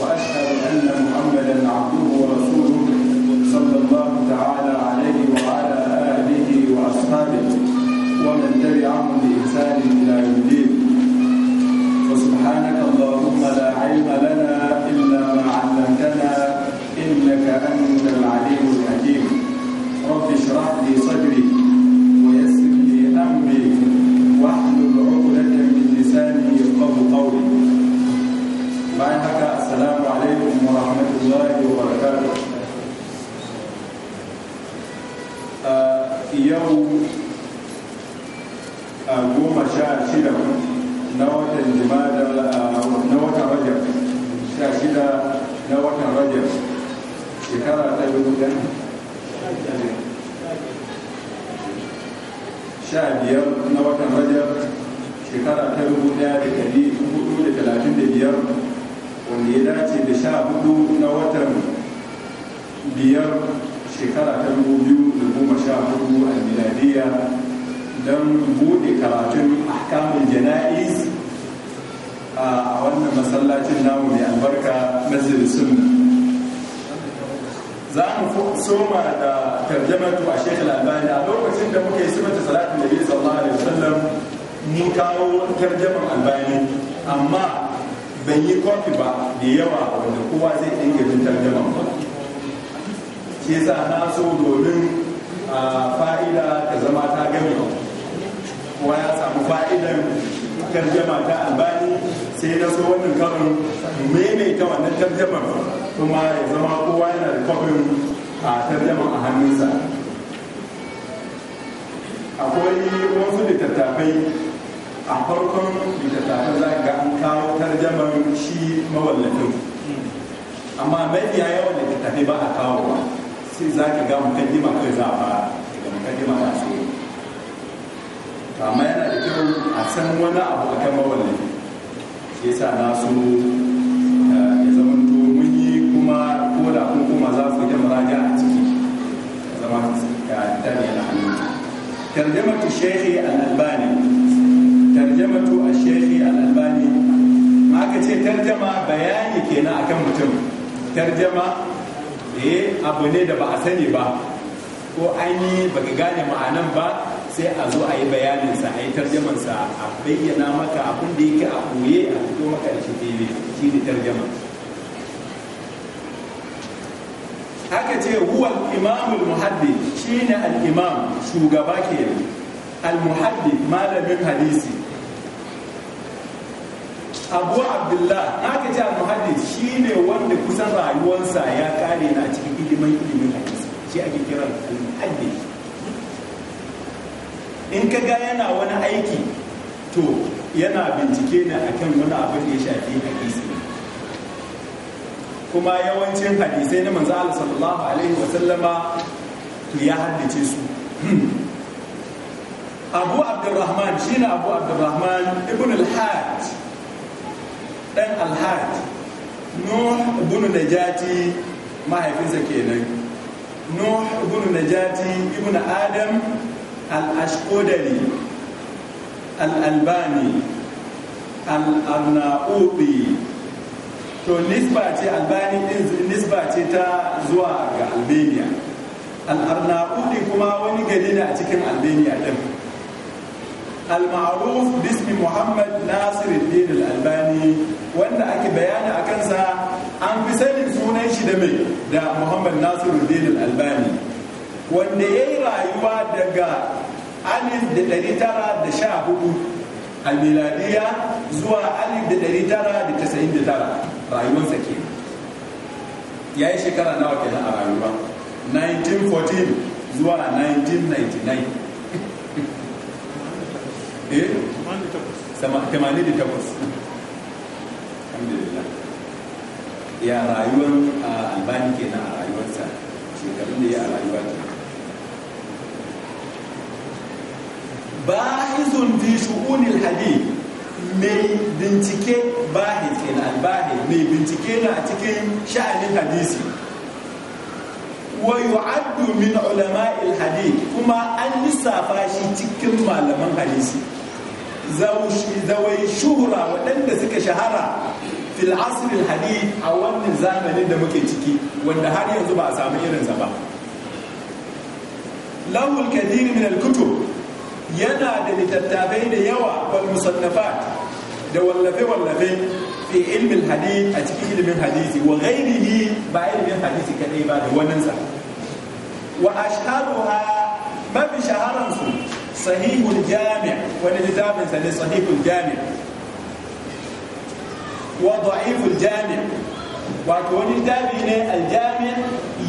وأشهد أن محمدا عبده ورسوله صلى الله تعالى عليه وعلى آله وأصحابه ومن تبعهم بإحسان إلى يوم الدين وسبحانك اللهم لا علم لنا إلا ما علمتنا إنك أنت العليم الحكيم رب اشرح لي صدري ويسر لي أمري واحلل عقدة من لساني يفقه قولي بعد السلام عليكم ورحمة الله وبركاته يوم goma sha shida na watan jimada na watan rajab sha shida na watan rajab shekara ta dubu ɗan sha biyar na shekara ta da talatin da biyar wanda ya dace da sha hudu na watan biyar shekara ta dubu biyu da goma sha hudu a miladiya don buɗe karatun ahkamun jana'iz a wannan masallacin namu mai albarka masjid sun. za mu soma da tarjamatu a shekh al a lokacin da muke sifata salatin nabi sallallahu alaihi wasallam mun kawo tarjaman albani amma ban yi kofi ba da yawa wanda kowa zai iya jin tarjama ba shi yasa na so domin a fa'ida ta zama ta gami kowa ya samu fa'idan tarjama ta albani sai na so wannan karin maimaita wannan tarjamar kuma ya zama kowa yana da kofin a tarjama a hannunsa akwai wasu littattafai a farkon littattafan za ga an kawo tarjamar shi mawallafin amma mafiya yawan littattafai ba a kawo ba sai za ki ga mukaddima kai za a fara daga mukaddima ta so amma yana da kyau a san wani abu akan mawallafi shi sa na so eh, ya zama mun yi kuma ko da kun kuma za su yi muraja a ciki zama eh, ta tarjamar Shehi al-albani tarjamatu a shehi al'albani ma aka ce tarjama bayani kenan akan mutum tarjama eh abu ne da ba a sani ba ko an yi baka gane ma'anan ba sai a zo a yi bayaninsa a yi tarjamansa a bayyana maka abin da yake a koye a fito maka da shi shi ne tarjama haka ce huwa imamul muhaddi shine ne al'imam shugaba ke almuhaddi malamin hadisi abu abdullah ka ce al shi ne wanda kusan rayuwarsa ya kare na cikin ilimin ilimin hadisi shi ake kira muhaddis in ka ga yana wani aiki to yana bincike ne a kan wani abin da ya shafi hadisi kuma yawancin hadisai na manzo Allah sallallahu alaihi wasallama to ya haddace su Abu Abdurrahman shine Abu Abdurrahman ibn al-Hajj Ɗan alhaj nuh ibn najati mahaifinsa kenan nuh ibn najati ibn adam al-ashkodari al-albani al-arnaudi to nisba ce albani ɗin nisba ce ta zuwa ga albania al-arnaudi kuma wani gari ne a cikin albania ɗin. al-ma'ruf bismi muhammad nasir al-albani da mai da muhammad nasiru dinin albani wanda ya yi rayuwa daga alif da ɗari tara da sha hudu a miladiya zuwa alif da ɗari tara da tasa'in da tara rayuwarsa ke ya yi shekara nawa kenan a rayuwa 1914 zuwa 1999 eh 88 ya rayuwar albani na a rayuwarsa shekarun da ya a rayuwa ke bahizun fi shu'unil hadi mai bincike bahiz kenan albani mai bincike na a cikin sha'anin hadisi wa yu'addu min ulama'il hadith kuma an lissafa shi cikin malaman hadisi zawai shuhura waɗanda suka shahara fil asril hadith a wannan zamanin da muke ciki wanda har yanzu ba a samu irinsa ba lahul kathir min al-kutub yana da littattafai da yawa wal musannafat da wallafe wallafe fi ilmin hadith a cikin ilmin hadisi wa ghairihi ba ilmin hadisi kadai ba da wannan sa wa ashharuha mafi shahararsu sahihul jami' wani littafin sa ne sahihul jami' wa da'iful jami wato wani littafi ne aljami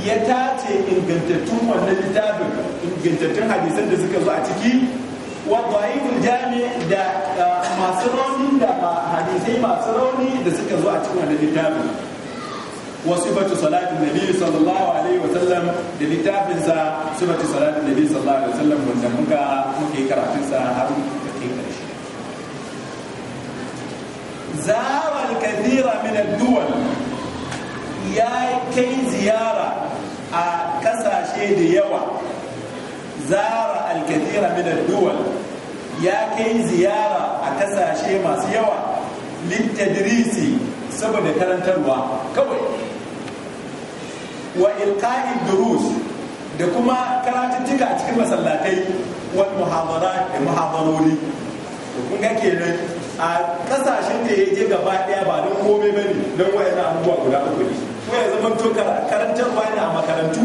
ya tace ingantattun wannan littafin ingantattun hadisan da suka zo a ciki wa da'iful jami da masu rauni da hadisai masu rauni da suka zo a cikin wannan littafin وصفة صلاة النبي صلى الله عليه وسلم للتابنسا صفة صلاة النبي صلى الله عليه وسلم وانتمكا مكي كراتنسا هارون zara al-kathira min aduwal ya kai ziyara a kasashe da yawa zara al min aduwal ya kai ziyara a kasashe masu yawa littadrisi saboda karantarwa kawai wa ilqa'id durus da kuma karatuttuka cikin masallatai wani muhadarat da kuma kun kenan a kasashen da ya je gaba daya ba don komai bane don na abubuwa guda uku ne ko ya zama to karantar bayan a makarantu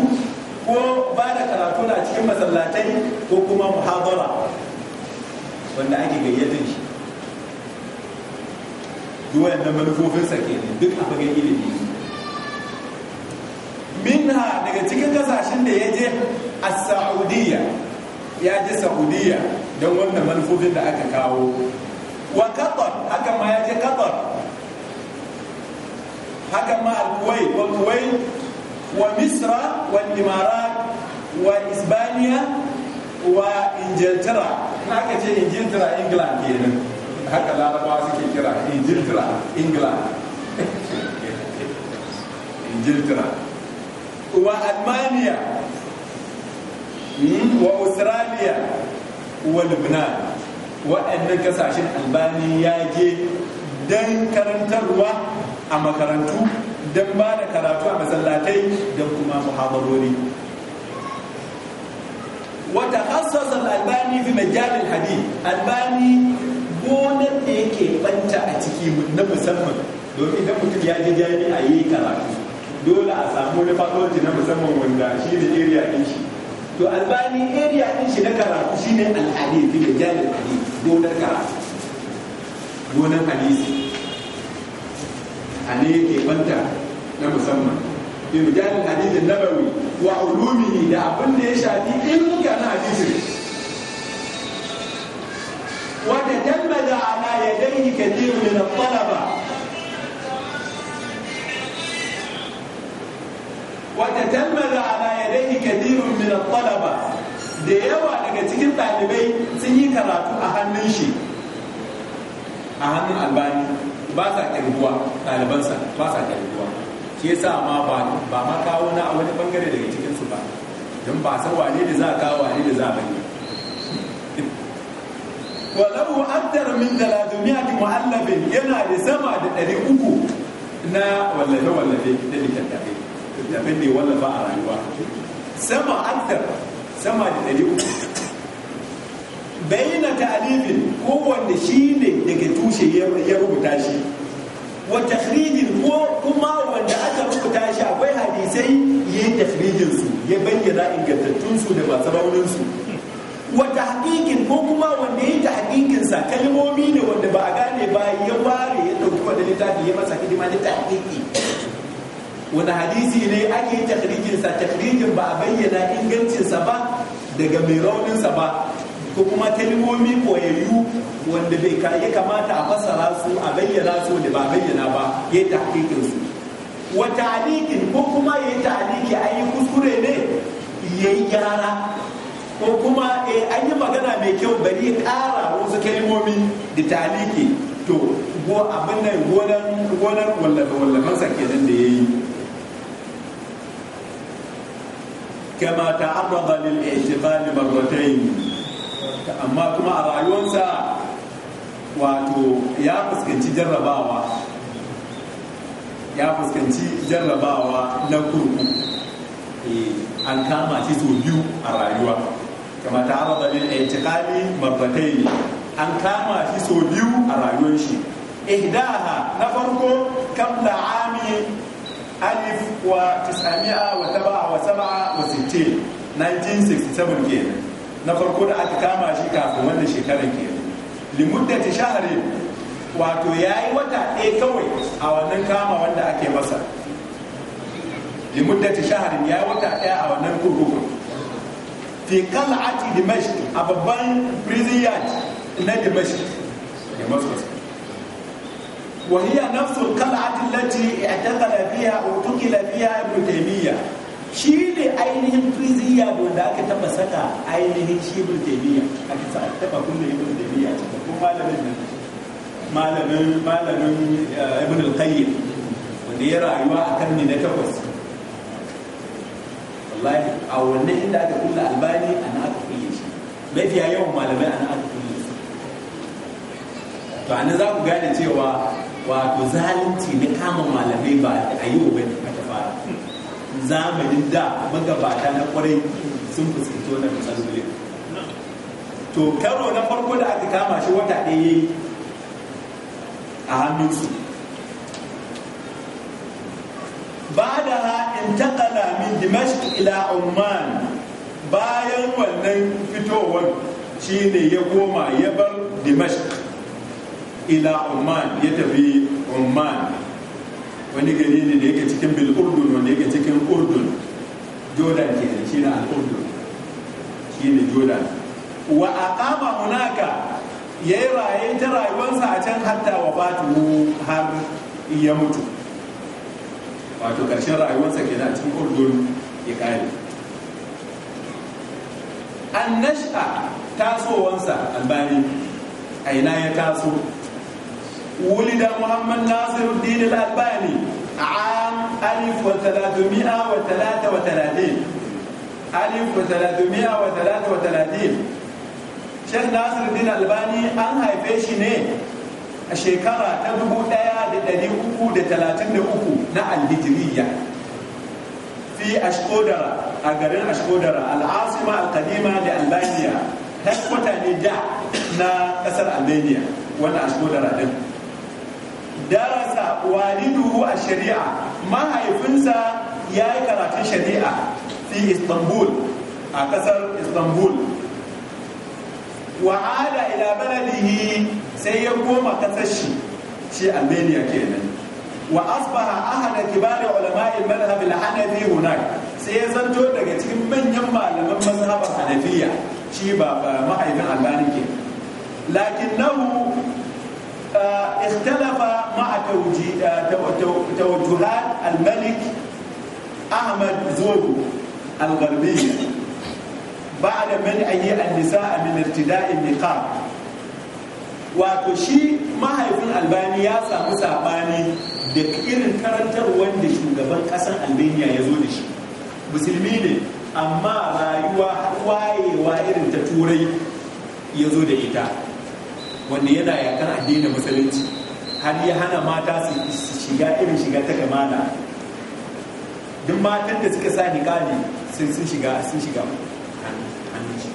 ko ba da karatu na cikin masallatai ko kuma muhadara wanda ake gayyatar shi duk manufofin sa ke ne duk a fagen ilimi minha daga cikin kasashen da ya je a saudiya ya je saudiya don wannan manufofin da aka kawo وقطر هكما يأتي قطر حكم مع الكويت والكويت ومصر والإمارات وإسبانيا وإنجلترا هكا جي إنجلترا إنجلان كينا هكا لا رباسي كينا إنجلترا إنجلان إنجلترا وألمانيا وأستراليا ولبنان waɗannan kasashen albani ya je don karantarwa a makarantu don ba da karatu a masallatai don kuma muhabarori wata hassasa albani fi majalin hadi albani gonar da yake banta a ciki na musamman domin idan mutum ya je jami'a yi karatu dole a samu rufadoji na musamman wanda shi ne area ɗin shi to albani area ɗin shi na karatu shine alhadi fi majalin hadi gonar karatu gonar hadisi a ne ke banta na musamman irgan hadisin nabawi wa ulumihi da abin da ya shafi ilmuka na hadisin wata tambada ala yadayhi kathiru min at-talaba وتتلمذ على يديه كثير من الطلبه da yawa daga cikin ɗalibai sun yi karatu a hannun shi a hannun albani ba sa ƙirguwa ɗalibansa ba sa ƙirguwa shi yasa ma ba ba ma kawo na a wani bangare daga cikin su ba don ba san wane da za a kawo wane da za a bayyana walau addar min talatumi mu'allafin yana da sama da ɗari uku na wallafe wallafe da littattafai littattafai ne wallafa a rayuwa sama addar sama da ɗari uku bayyana ta'alibin kowanne shi ne daga tushe ya rubuta shi wa takhrijin ko kuma wanda aka rubuta shi akwai hadisai ya yi takhrijin su ya bayyana ingantattun su da masu raunin su wa tahqiqin ko kuma wanda ya yi ta sa kalmomi ne wanda ba a gane ba ya ware ya dauki wanda littafi ya masa hidima na tahqiqi wani hadisi ne ake sa takrikin ba a bayyana ingancinsa ba daga mai rauninsa ba ko kuma kalmomi koyayyu wanda bai ya kamata a fassara su a bayyana su da ba bayyana ba ya yi su wa ta'liqin ko kuma ya yi ta'liqi an yi kuskure ne ya yi gyara ko kuma eh, an yi magana mai kyau bari ƙara wasu kalmomi da ta'liqi to go abin nan gonan gonan wallafa wallafansa kenan da yayi kama ta'arraba lil ihtifal marratayn amma kuma a rayuwarsa wato ya fuskanci jarrabawa ya fuskanci jarrabawa na kurkuku an kama shi sau biyu a rayuwa kama ta'arraba lil ihtifal marratayn an kama shi sau biyu a rayuwar shi ihdaha na farko kabla ami alif wa tis'ami'a wa wa wa 1967 kenan na farko da aka kama shi kafin wannan shekarar kenan ta shahari wato ya yi wata ɗaya kawai a wannan kama wanda ake masa shahari ya yi wata ɗaya a wannan kurkuku fi ati dimashi a babban prison yard na da damascus وهي نفس القلعة التي اعتقل فيها أو تقل lafiya, ابن تيمية shi ne ainihin priziya wanda aka taba saka ainihin shi ibn taymiya aka sa taba kunna ibn taymiya cikin ko malamin nan malamin malamin ibn al ya rayuwa a karni na takwas wallahi a wannan inda aka kulla albani ana aka kulle shi malamai ana aka kulle to za ku gane cewa wato zalunci na kama malamai ba a yi wa ta fara zamanin da magabata na kwarai sun fuskanci wannan matsalolin to karo na farko da aka kama shi wata ɗaya a hannunsu ba da ha'in ta min dimashq ila umman bayan wannan fitowar ne ya goma ya bar dimashq ila umman ya tafi umman wani gari ne da yake cikin bil Urdun wanda yake cikin Urdun Jordan ke da shi na Urdun shi ne Jordan wa aqama hunaka yayi raye ta rayuwarsa a can hatta wa batu har ya mutu wato karshen rayuwarsa kenan cikin Urdun ya kare an tasowansa albani a ina ya taso ولد محمد ناصر الدين الألباني عام 1333 1333 Sheikh Nasir Din Albani an haife shi ne a shekara ta 1333 na Alhijiriya fi Ashkodara a garin Ashkodara al'asima al da Albania ta kwata ne da na kasar Albania wanda Ashkodara din. darasa walidu a shari'a mahaifinsa ya yi karatun shari'a fi istanbul a kasar istanbul wa'ada ila baladihi sai ya koma kasar shi shi armenia kenan wa asbaha ahada kibari ulama'i madhhab al-hanafi hunak sai ya zanto daga cikin manyan malaman mazhabar hanafiya shi ba mahaifin albani ke nahu. اختلف مع توجهات الملك أحمد زوجه الغربية بعد منعه النساء من ارتداء النقاب wato shi mahaifin albani ya samu sabani da irin karantar wanda shugaban kasan albania ya zo da shi musulmi ne amma rayuwa wayewa irin ta turai ya zo da ita wanda yana yakan addinin musulunci har ya hana mata su shiga irin shiga ta gamana duk matan da suka sa niƙali sun shiga sun shiga hannun shi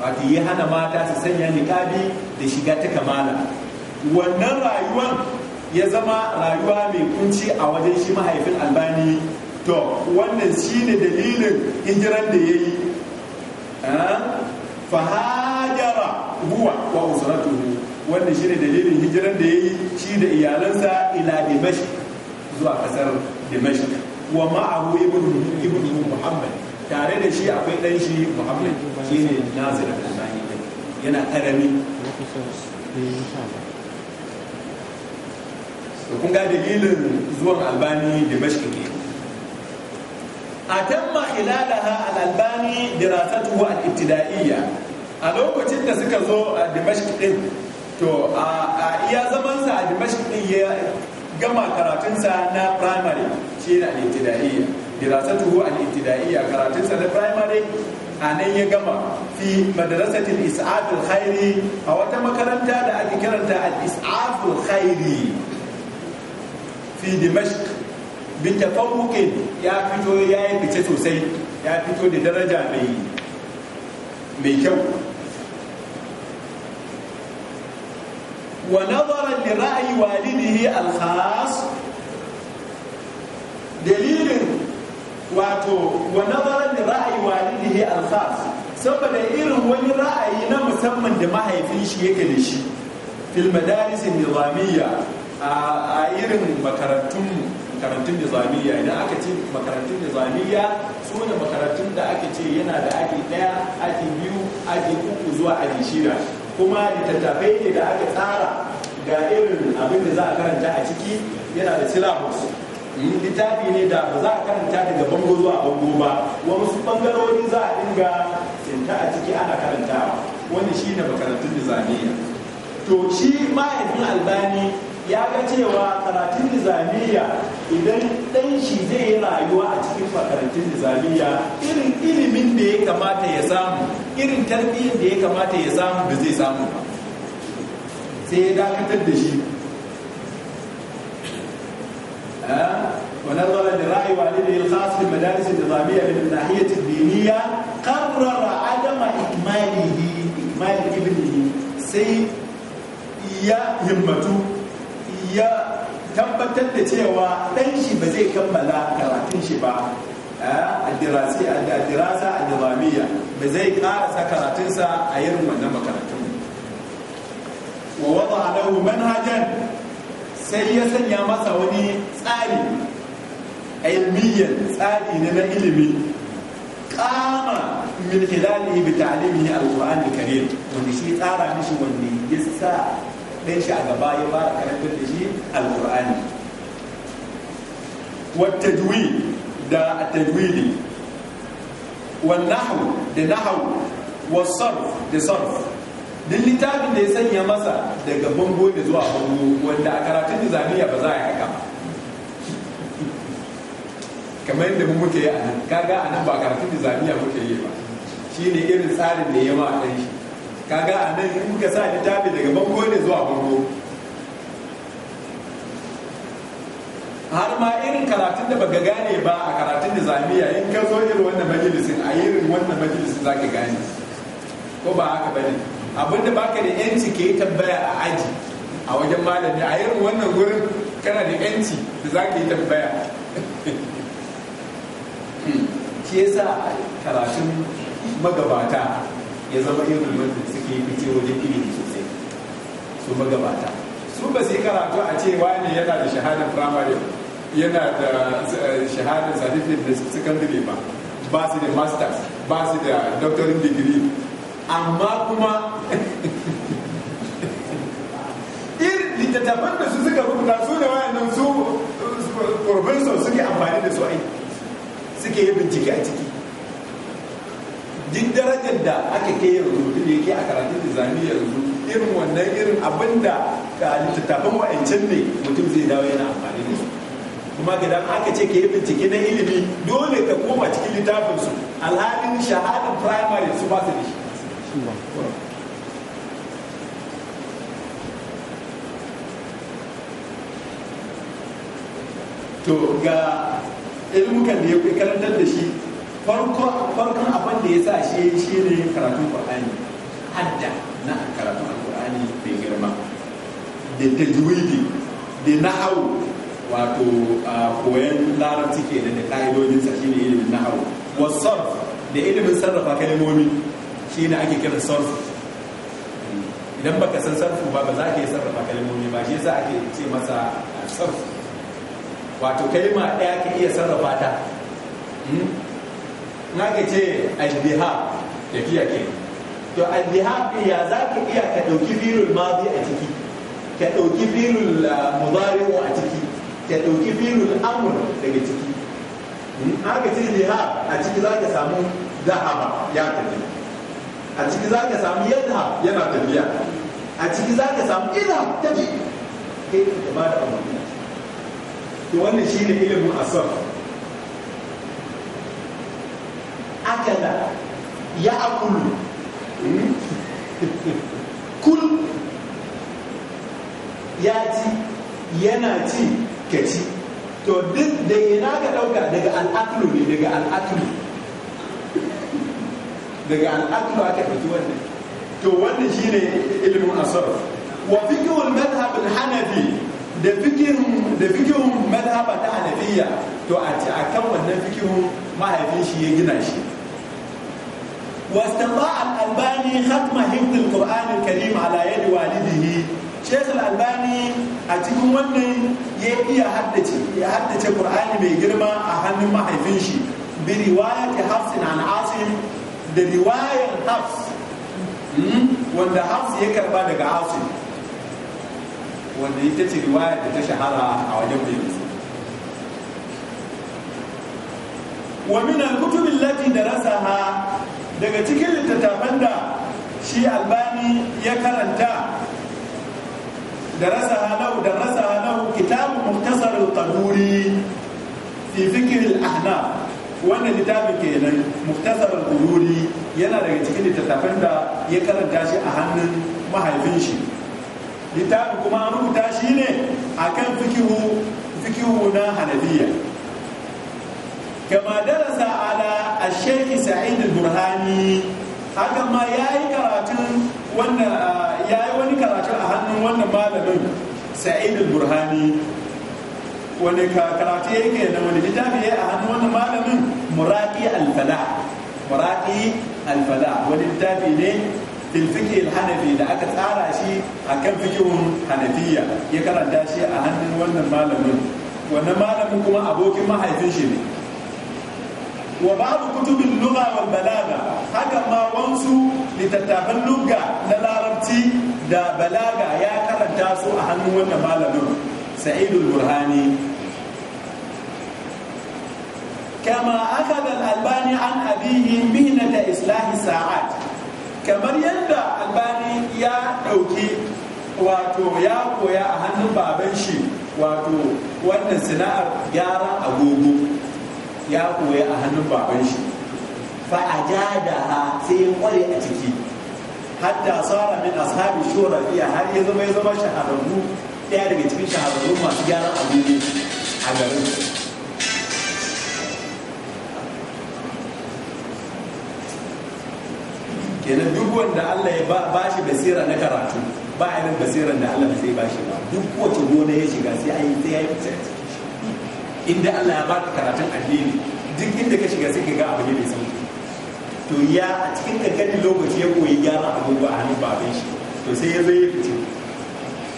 wato ya hana mata su sanya niƙali da shiga ta kamala wannan rayuwan ya zama rayuwa mai kunci a wajen shi mahaifin albani to wannan shine dalilin hijiran da ya yi ah, fahajara huwa wa usratuhu wannan shine dalilin hijiran da yayi shi da iyalansa ila dimashq zuwa kasar dimashq wa ma'ahu ibnu ibnu muhammad tare da shi akwai dan shi muhammad shine nazir al-bani yana karami kun ga dalilin zuwan albani dimashq ne al albani dirasatuhu al الابتدائية a lokacin da suka zo a dimashq din to a iya zaman sa a dimashq ɗin ya gama karatunsa na primary shi na al-ibtida'iyya dirasatuhu al-ibtida'iyya karatunsa na primary a nan ya gama fi madrasatil is'afil khairi a wata makaranta da ake karanta al-is'afil khairi fi dimashq bi tafawuqin ya fito ya yi fice sosai ya fito da daraja mai mai kyau wa nazaran da ra'ayi walidihi al dalilin wato wa nazaran li walidihi al saboda irin wani ra'ayi na musamman da mahaifin shi yake da shi filmadarisin madaris nizamiyya a irin makarantunmu makarantun nizamiya idan aka ce makarantun nizamiya su ne makarantun da aka ce yana da aji ɗaya aji biyu aji uku zuwa aji shida kuma littattafai ne da aka tsara ga irin abin da za a karanta a ciki yana da syllabus littafi ne da ba za a karanta daga bango zuwa bango ba wasu bangarori za a dinga tsinta a ciki ana karantawa wani shine makarantun nizamiya to shi mahaifin albani ya ga cewa karatun nizamiya idan ɗan shi zai yi rayuwa a cikin makarantun nizamiya irin ilimin da ya kamata ya samu irin tarbiyyar da ya kamata ya samu da zai samu ba sai ya dakatar da shi ونظرا لرأي والده الخاص في المدارس النظامية من الناحية الدينية قرر عدم إكماله إكمال ابنه سي يا همته ya tabbatar da cewa ɗanshi shi ba zai kammala karatun shi ba a dirasi a dirasa a ba zai karasa karatunsa a irin wannan makarantun wa wada lahu manhajan sai ya sanya masa wani tsari ilmiyan tsari ne na ilimi kama min hilali bi Al-Qur'an alqur'an alkarim wanda shi tsara mishi wanda ya sa ɗan shi a gaba ya fara karantar da shi alƙur'ani wata juwi da tajwidi والنحو da nahau sarf da sarf duk littafin da ya sanya masa daga bango da zuwa bango wanda a karatun nizamiya ba za a yi haka kamar yadda mu muke yi a nan kaga a nan ba karatun nizamiya muke yi ba shine irin tsarin da ya ma a shi kaga a nan in ka sa littafi daga bango ne zuwa bango har ma irin karatun da baka gane ba a karatun da zamiya in ka zo irin wannan majalisin a irin wannan majalisin za ka gane ko ba haka bane abinda baka da yanci ke tambaya a aji a wajen malami a irin wannan gurin kana da yanci da za ka yi tambaya shi yasa karatun magabata ya zama irin wanda suke fice waje ilimi sosai su magabata su ba su yi karatu a ce wani yana da shahadar firamare yana da eh, shahadar certificate da secondary ba ba su da masters ba su da doctoring degree amma kuma irin littattafan da su suka rubuta su da wayannan su eh, professor suke amfani da su ai suke yi bincike a ciki duk darajar da aka ke yanzu duk da yake a karatun islamiyya yanzu irin wannan irin abin da ka littattafan wa'ancan ne mutum zai dawo yana amfani da su kuma idan aka ce ka yi bincike na ilimi dole ka koma cikin littafin su alhalin shahadar primary su ba su da shi to ga ilmukan da ya karantar da shi farkon abin da ya sa shi shi ne karatu qur'ani hadda na karatu qur'ani da girma da tajwidi da na'au wato koyan larabci ke da shi ne ilimin nahwu wasarf da ilimin sarrafa kalmomi shi ne ake kiran sarf idan baka san sarfu ba ba za ka yi sarrafa kalmomi ba shi za ake ce masa sarf wato kalma ɗaya ka iya sarrafa ta hmm? na ka ce albiha tafiya ke to albiha ya za ka iya ka ɗauki firul mazi a ciki ka ɗauki firul ah, mudari'u a ciki ka ɗauki firul amur daga ciki hmm? haka ce aljiha a ciki za ka samu dahaba ya tafi a ciki za ka samu yadda yana tafiya a ciki za ka samu ila tafi kai ka ba da abu to wannan ne ilimin asaf akala ya akulu hmm? kul ya ci yana ci ka ci to duk da yana ka ɗauka daga al'aklu ne daga al'aklu daga al'aklu aka fito wannan to wannan shine ilimin asar wa fiqhul madhhab al-hanafi da fikihun da fikihun madhhab ta hanafiyya to a kan wannan fikihun mahaifin shi ya gina shi واستطاع الألباني ختم حفظ القرآن الكريم على يد والده شيخ الألباني أتكم من يبي يحدث يحدث القرآن بجرمة أهم ما حيفنش برواية حفص عن عاصم برواية حفص wanda hafs ya karba daga asim wanda ita ce riwaya da ta shahara a wajen bayansu wa min al-kutub allati darasaha daga cikin littattafan da shi albani ya karanta da rasa halau da rasa halau kitabu muktasar taduri fi fikir al ahna wannan littafin kenan muktasar al-quduri yana daga cikin littattafan da ya karanta shi a hannun mahaifin shi littafin kuma an rubuta shi ne akan fikihu fikihu na hanafiya kama darasa ala a sheki sa'id burhani haka ma ya yi karatun wannan ya yi wani karatu a hannun wannan malamin sa'id burhani wani karatu ya ke na wani littafi ya a hannun wannan malamin muraki alfala muraki alfala wani littafi ne filfikin hanafi da aka tsara shi a kan fikihun hanafiya ya karanta shi a hannun wannan malamin wannan malamin kuma abokin mahaifin shi ne wa ba'du kutubin lugha balaga haka ma wansu littattafan lugha na larabci da balaga ya karanta su a hannun wannan malamin sa'idul burhani kama aka al-albani an abihi da islahi Sa'ad, kamar yadda albani ya dauki wato ya koya a hannun baban shi wato wannan sana'ar gyara agogo ya koya a hannun baban shi fa ha sai ya kware a ciki hatta tsara min ashabi shura fiya har ya zama ya zama shahararru ɗaya daga cikin shahararru masu gyaran abinci a garin kenan duk wanda Allah ya ba shi basira na karatu ba irin basiran da Allah zai sai ba shi ba duk wace gona ya shiga sai ayi sai ya yi inda Allah ya baka karatun addini duk inda ka shiga sai ka ga abu ne mai sauki to ya a cikin kankanin lokaci ya koyi gyara agogo a hannun baban shi to sai ya zo ya fice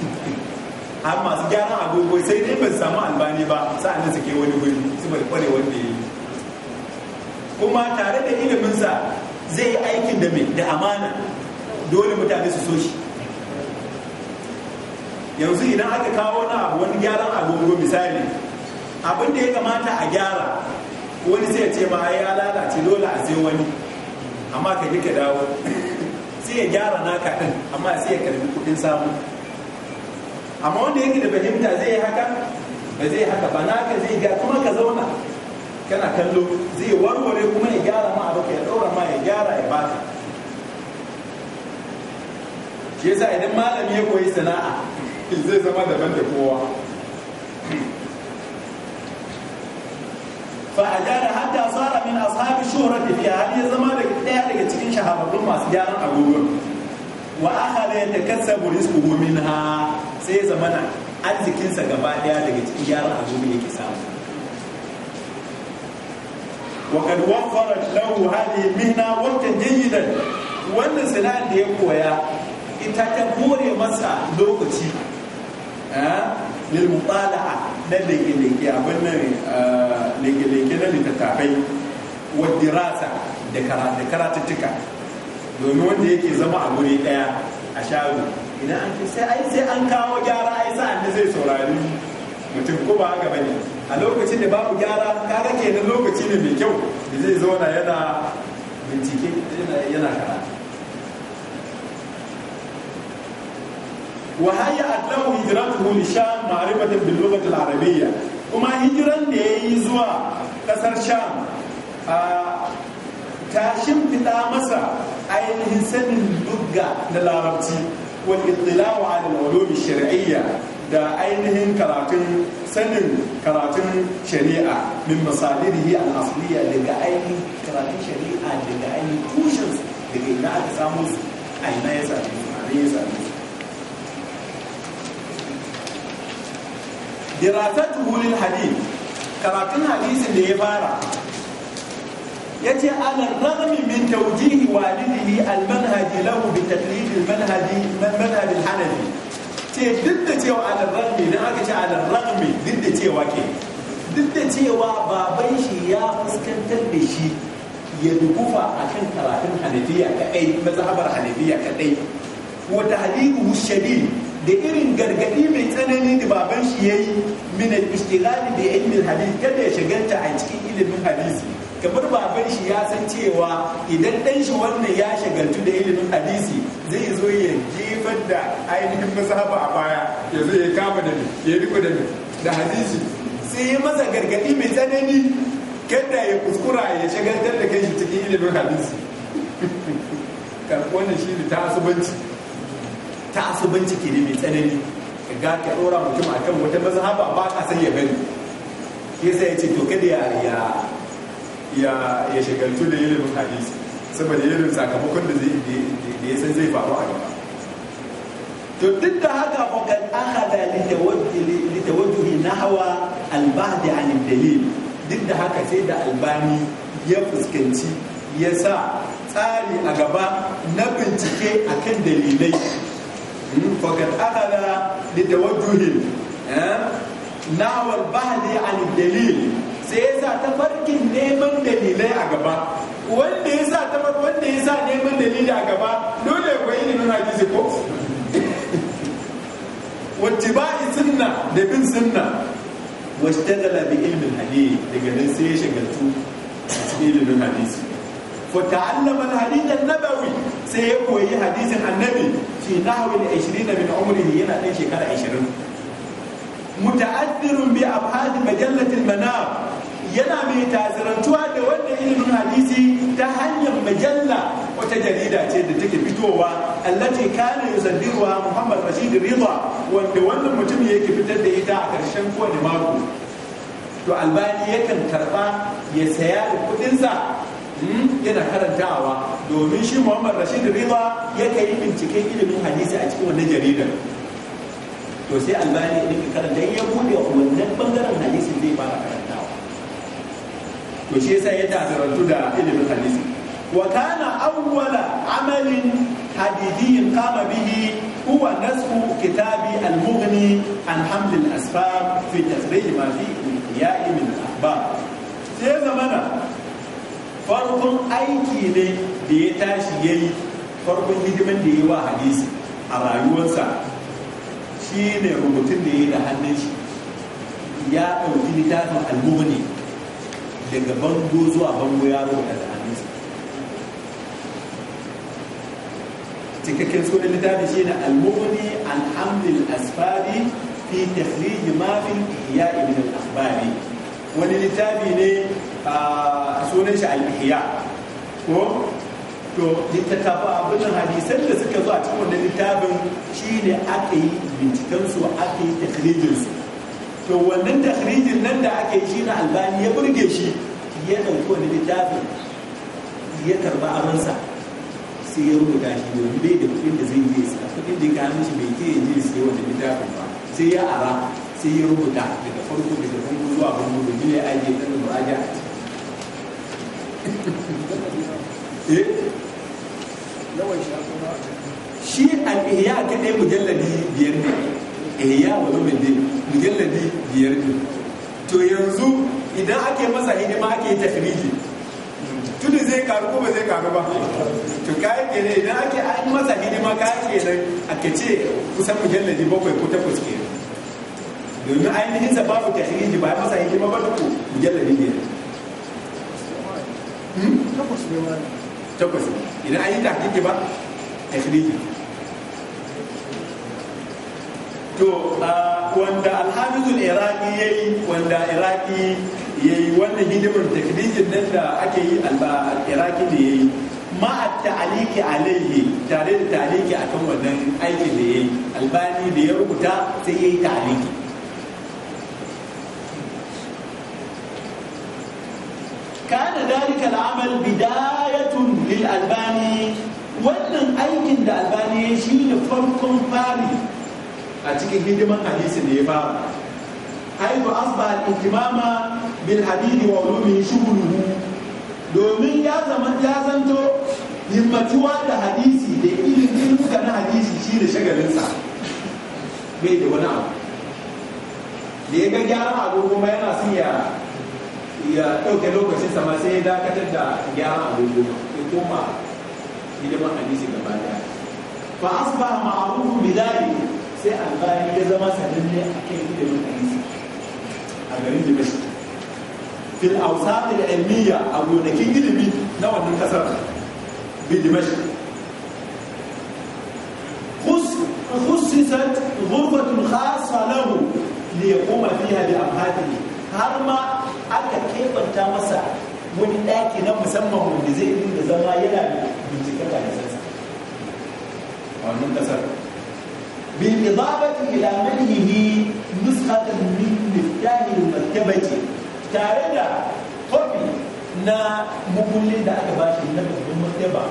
har masu gyaran agogo sai dai ban samu albani ba sa'an su ke wani wuri su bai kware wanda ya yi kuma tare da iliminsa zai yi aikin da mai da amana dole mutane su so shi yanzu idan aka kawo na abu wani gyaran agogo misali abin da ya kamata a gyara wani zai ce ma ya lalace dole a sai wani amma ka ka dawo sai ya gyara naka din amma sai ya karbi kudin samu amma wanda yake da fahimta zai yi haka ba zai haka ba naka zai ga kuma ka zauna kana kallo zai warware kuma ya gyara ma abu ya daura ma ya gyara ya baka shi yasa idan malami ya koyi sana'a zai zama daban da kowa fa ajara hatta sara min ashabi shuhrati fi hadi zama ɗaya daga cikin shahararrun masu gyaran agogon wa akhara yatakassabu rizquhu minha sai zamana arzikinsa gaba daya daga cikin gyaran agogon ke samu وقد وفرت له هذه المهنه وقتا جيدا wannan sana'ar da ya koya ita ta kore masa lokaci lil mutala'a na leke-leke abin nan eh, leke-leke na littattafai wa da karatuttuka domin wanda yake zama a guri daya a shago idan an sai ai an kawo gyara ai sa'an da zai saurari mutum ko ba haka bane a lokacin da babu gyara gara kenan lokaci ne mai kyau da zai zauna yana bincike yana karatu وهيأت له هجرته لشام معرفة باللغة العربية وما هجران zuwa ƙasar كسر شام تاشم فتا masa ainihin sanin dugga na larabci wal ittila'u ala al-ulum shar'iyya da ainihin karatun sanin karatun shari'a min masalirihi al-asliya daga ainihin daga ainihin tushen daga a ina ya dirasatuhu lil hadith karatun hadisin da ya fara ce ala ragmi min tawjihi walidihi al manhaji lahu bi taqlid al man manhaj al hanafi ce duk da cewa ala ragmi dan aka ce ala ragmi duk da cewa ke duk da cewa baban shi ya fuskantar da shi ya dukufa akan karatun hanafiya kadai mazhabar hanafiya kadai wa tahdidu shadid da irin gargaɗi mai tsanani da baban shi ya yi minar ishtirali da ilmin hadisi kada ya shagalta a cikin ilimin hadisi kamar baban shi ya san cewa idan ɗan shi wannan ya shagaltu da ilimin hadisi zai zo ya jefar da ainihin masahaba a baya ya zo ya kama da ya riko da da hadisi sai ya masa gargaɗi mai tsanani kada ya kuskura ya shagaltar da kai shi cikin ilimin hadisi wannan shi ne ta asubanci ta asu ke ne mai tsanani ga ka ɗora mutum a kan wata mazhaba ba ka san ya bari yasa ya ce to kada ya ya ya shagaltu da ilimin hadisi saboda irin sakamakon da zai da ya san zai faru a gaba to duk da haka fa kan akhadha li tawajjuhi nahwa al-bahd an dalil duk da haka sai da albani ya fuskanci ya sa tsari a gaba na bincike akan dalilai فقد أخذ لتوجه نحو البحث عن الدليل سيسا تفرق نيمان دليلي أقبا wanda ya sa ta wanda ya sa neman dalili a gaba dole ko ilimin hadisi ko wattiba'i sunna da bin sunna washtagala bi ilmin hadisi daga nan sai ya shagaltu sai ya koyi hadisin annabi fi nahwi da 20 bin umrihi yana ɗan shekara 20 muta'addirun bi abhadi majallatil manam yana mai tazirantuwa da wanda ilimin hadisi ta hanyar majalla wata jarida ce da take fitowa allati kana yuzaddiruha Muhammad Rashid Ridha wanda wannan mutum yake fitar da ita a karshen kowane mako to albani yakan karba ya saya da kuɗinsa. Hmm? yana karantawa domin shi muhammad rashid riba ya kai binciken ilimin hadisi a cikin wannan jaridar to sai albani ɗin karanta ya bude wannan bangaren hadisi zai fara karantawa to shi yasa ya tasirantu da ilimin hadisi wa kana awwala amalin hadidiyin kama bihi huwa nasku kitabi al-mughni an hamlin asfar fi tasrih ma fi ya'i min ahbab sai zamana farkon aiki ne da ya tashi ya yi farkon hidiman da ya wa hadisi a rayuwarsa shi ne rubutun da ya yi da hannun shi ya ɗauki littafin almuni daga bango zuwa bango ya rubuta da hannunsa cikakken sunan littafin shi ne almuni alhamdul asfari fi tafiye ma fi iya ibn al-akhbari wani littafi ne a sunan shi al ko to littattafa abin hadisan da suka zo a cikin wannan littafin shine aka yi binciken su aka yi su to wannan takirijin nan da aka yi na albani ya burge shi ya dauki wani littafin ya karba amansa sai ya rubuta shi domin bai da kudin da zai yi sa kuɗin da mishi bai ke yi sai wani littafin ba sai ya ara sai yi rubuta daga farko daga farko zuwa farko da jini a yi ɗan muraja a ciki eh? shi al'ihiya ɗaya mujalladi biyar ne ihiya wa zumin din mujalladi biyar ne to yanzu idan ake masa hidima ake tafriji tudu zai karu ko ba zai karu ba to kayan ne idan ake an masa hidima kayan a ake ce kusan mujalladi bakwai ko takwas kenan domin ainihin sa babu ji bayan masa hikima ba duk mujalladi hmm? ne takwas idan ta yi tahriji ba tahriji to wanda alhamidul iraki ya yi wanda iraki ya yi wannan hidimar takrijin nan da ake yi iraki da ya yi ma a ta'aliki alaihi tare da ta'aliki akan wannan aikin da ya yi albani da ya rubuta sai ya yi ta'aliki wannan aikin da albani ya shi ne farkon fari a cikin hidiman hadisi da ya fara haifu asba al-ihtimama bil hadidi wa ulumi shughuluhu domin ya zama ya zanto himmatuwa da hadisi da irin duka na hadisi shi da shagalinsa bai da wani abu da ya ga gyaran agogo ma yana son ya ya ɗauke lokacin sama sai ya dakatar da gyaran agogo ya koma hidimar hadisi gaba daya fa asbaha ma'rufun bidali sai albani ya zama sananne akan hidimar hadisi a garin dimashq fil awsat al ilmiya a gonakin ilimi na wannan kasar bi dimashq خصصت غرفة خاصة له ليقوم فيها بأبهاته har ma aka keɓanta masa wani ɗaki na musamman wanda zai dinga zama yana mutane sun sa a tare da kofi na mukullin da aka bashi a babban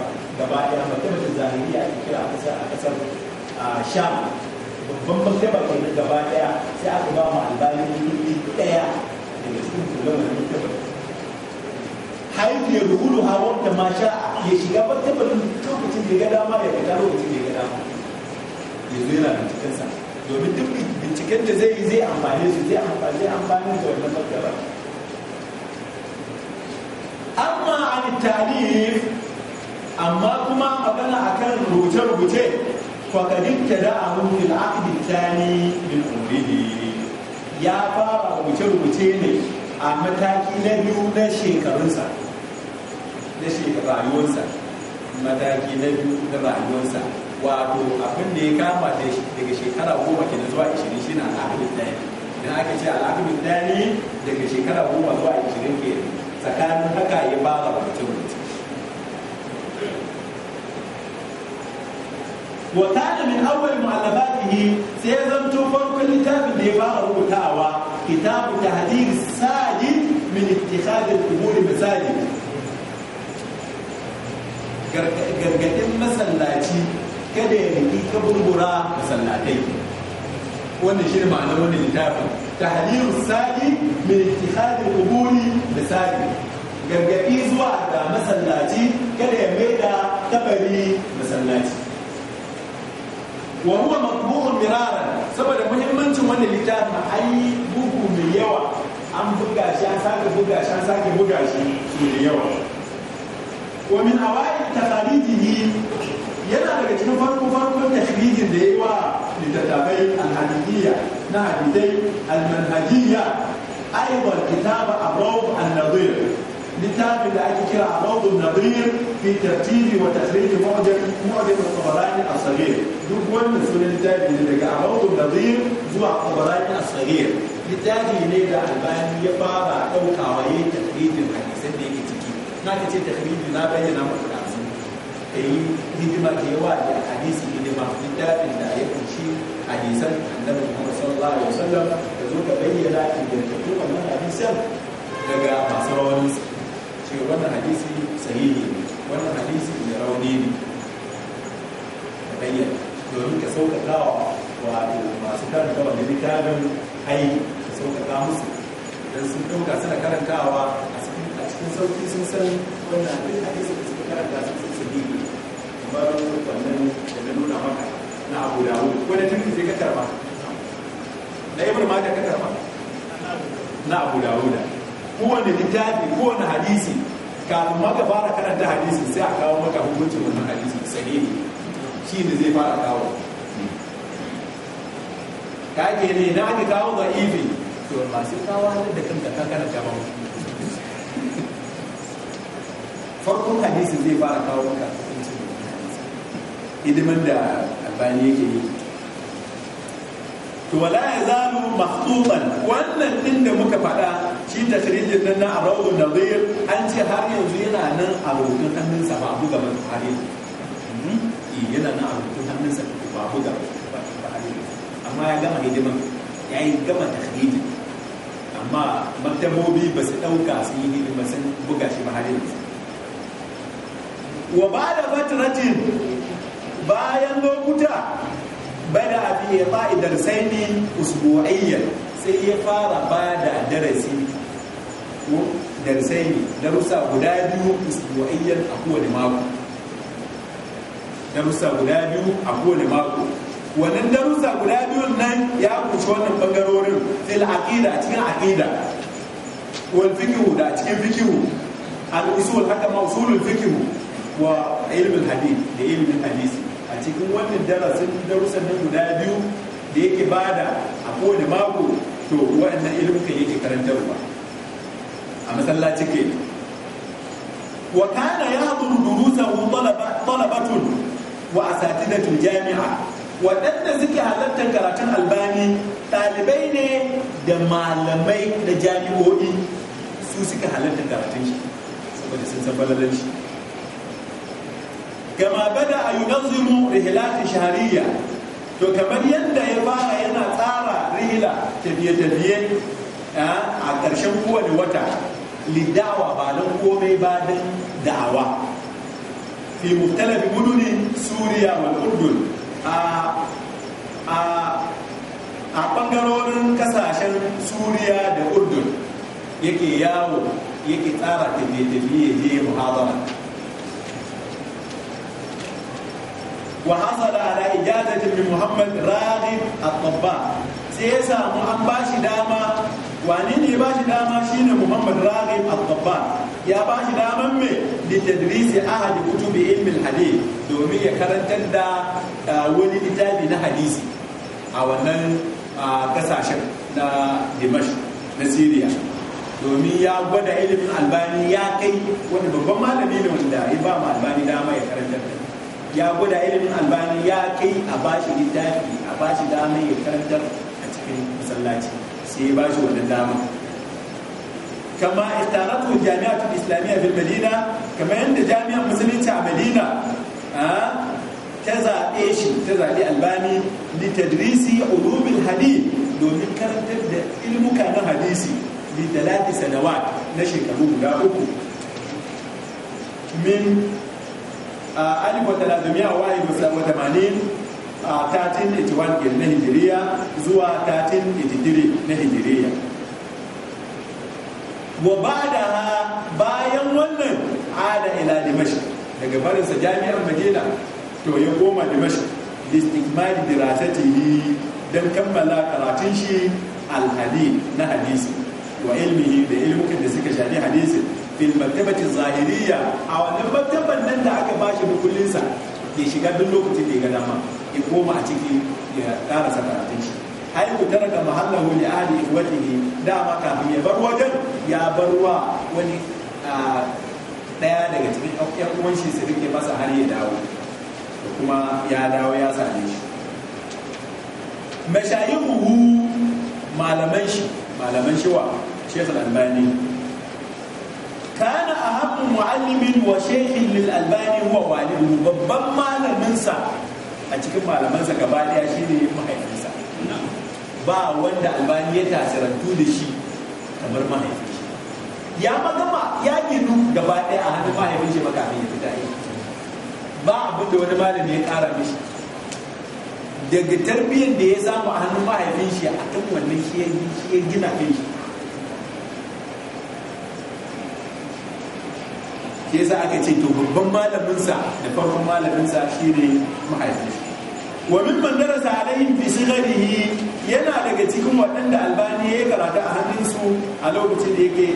gaba daya sai aka ba mu albani daga cikin kullum da haifi ya rubutu ha wanda ma sha'a ya shiga bari lokacin da ya dama ya fita lokacin da ya dama ya zo yana bincikensa domin duk binciken da zai yi zai amfani su zai amfani zai amfani da wannan martaba amma an tarif amma kuma magana akan rubuce-rubuce فقد ابتدأه في العقد الثاني من عمره ya fara rubuce-rubuce ne a mataki na biyu na shekarunsa na shekaru rayuwarsa mataki na biyu na rayuwarsa wato abin da ya kama daga shekara goma ke zuwa ishirin shi na alhamdulillah ɗaya idan aka ce alhamdulillah ɗaya ne daga shekara goma zuwa ishirin ke tsakanin haka ya fara mutum mutum wa kana min awwal mu'allafatihi sai ya zanto farkon littafin da ya fara rubutawa kitabu tahdhir sajid min ittikhad al-umur misajid gargadin masallaci kada ya riki kaburbura masallatai wannan shi ne ma'anar wannan littafin tahlilu sa'i min ittihadi quburi da sa'i gargadi zuwa ga masallaci kada ya maida kabari masallaci wa huwa maqbu'un mirara saboda muhimmancin wannan littafin ai bugu mai yawa an buga shi an sake buga shi an sake buga shi da yawa wa min awai takharijihi yana daga cikin farko farkon takhrijin da ya yi wa littattafai alhadiyya na hadidai almanhajiyya aidan kitab ar-rawd an-nadir littafin da ake kira ar-rawd an-nadir fi tartibi wa takhrij mu'jam mu'jam al duk wannan sunan littafi ne daga ar-rawd an zuwa tabarani as-saghir ne da albani ya fara daukawa yayin takhrijin za ka ce tahriji na bayyana maka da su ka yi hidima da yawa da hadisi hidima littafin da ya kunshi hadisan annabi Muhammad sallallahu alaihi wasallam da zo ka bayyana ingantattu wannan hadisan daga masu rawanin ce wannan hadisi sahihi ne wannan hadisi da rauni ne ka bayyana domin ka sauƙaƙa wa masu karanta wanda littafin aiki. ka sauƙaƙa musu don sun ɗauka suna karantawa a cikin sauki sun san wannan da hadisi da suka karanta sun san na nuna maka na Abu da tun ka karba na Ibn Majah ka karba na Abu Dawud kowane littafi kowane hadisi kafin maka fara karanta hadisi sai a kawo maka hukuncin wannan hadisi sahihi shi ne zai fara kawo ka ke ne na aka kawo ga ibi to ba sai kawo halin da kanka ka karanta ba farkon hadisin zai fara kawo maka hidiman da albani yake yi to wala ya zalu mahtuman wannan din da muka faɗa shi tashrijin nan na arawu nadir an ce har yanzu yana nan a rubutun hannunsa ba buga man yi hmm? eh, yana nan a rubutun hannunsa ba buga ba amma ya gama hidiman ya yi gama tashrijin amma matabobi ba su ɗauka su yi hidiman sun buga shi ba har yanzu wa ba da fatiratin bayan lokuta bada abin ya fa'idar sai ne usbu'ayyar sai ya fara ba da darasi darsai ne darussa guda biyu usbu'ayyar a kowane mako darussa guda biyu a kowane mako wannan darussa guda biyun nan ya kuci wannan bangarorin fil aqida cikin aqida wal fiqhu da cikin fiqhu al usul haka ma usulul wa ilmin hadith da ilmin hadisi a cikin wannan darasin darussan na guda biyu da yake da a kowane mako to waɗannan ilmuka yake karantarwa a masallaci ke wa kana yahduru durusahu talabatun wa asatidatul jami'a waɗanda suke halartar karatun albani ɗalibai ne da malamai da jami'o'i su suka halartar karatun shi saboda sun san falalar shi Gama bada a yunazzimu rihilatin shahariya to kamar yadda ya fara yana tsara rihila tafiye-tafiye a ƙarshen kowane wata lidawa ba don komai ba don da'awa fi muktalafi gudunin suriya wa urdun a ɓangarorin ƙasashen suriya da urdun yake yawo yake tsara tafiye-tafiye je muhazara وحصل على إجازة من محمد راغب الطباع سيسا محمد داما وانين يباشي داما شين محمد راغب الطباع يا باشي داما مي لتدريس أحد كتب علم الحديث دومي يكرنتن دا ولي كتابي نحديثي أو أنن kasashen na dimash na siriya domin ya gwada ilimin albani ya kai wani babban malami ne wanda ya ba mu albani dama ya karanta da ya gwada ilimin albani ya kai a bashi littafi a bashi damar ya karantar a cikin masallaci sai ya bashi wannan dama kama istaratu jami'atul islamiyya fil madina kama yadda jami'an musulunci a madina ta zaɓe shi ta zaɓe albani litadrisi ulumil hadith domin karantar da ilmuka na hadisi litalati sanawat na shekaru guda uku min alif wa talatumiya wa alif wa tamanin 1381 na hijiriya zuwa 1383 na hijiriya wa ba da bayan wannan ada ila dimashi daga barinsa jami'ar madina to ya koma dimashi listikmali dirasatihi don kammala karatun shi alhadi na hadisi wa ilmihi da ilmukan da suka shafi hadisin fil martabati zahiriya a wannan martaban nan da aka bashi bukullin sa ke shiga duk lokacin da ya ga dama ya koma a ciki ya karasa karatun shi ai ku tara da mahallahu li ahli ikhwatihi dama kafin ya bar wajen ya bar wa wani daya daga cikin yan uwan shi su rike masa har ya dawo kuma ya dawo ya same shi mashayihu malaman shi malaman shi wa shekul albani kana أهم معلم وشيخ shaykhin هو albani huwa walidu babban malaminsa a cikin malamansa gaba ما shine mahaifinsa ba wanda albani ya tasirantu da shi kamar يا ya جنو ya a hannun mahaifin shi makafin ya ba wani malami ya kara mishi daga tarbiyyar da ya samu a hannun mahaifin shi a kan wannan shi ya gina kan shi yasa aka ce to babban malaminsa da farkon malaminsa shine mahaifi wa min man darasa alaihim fi yana daga cikin waɗanda albani ya karata a hannunsu a lokacin da yake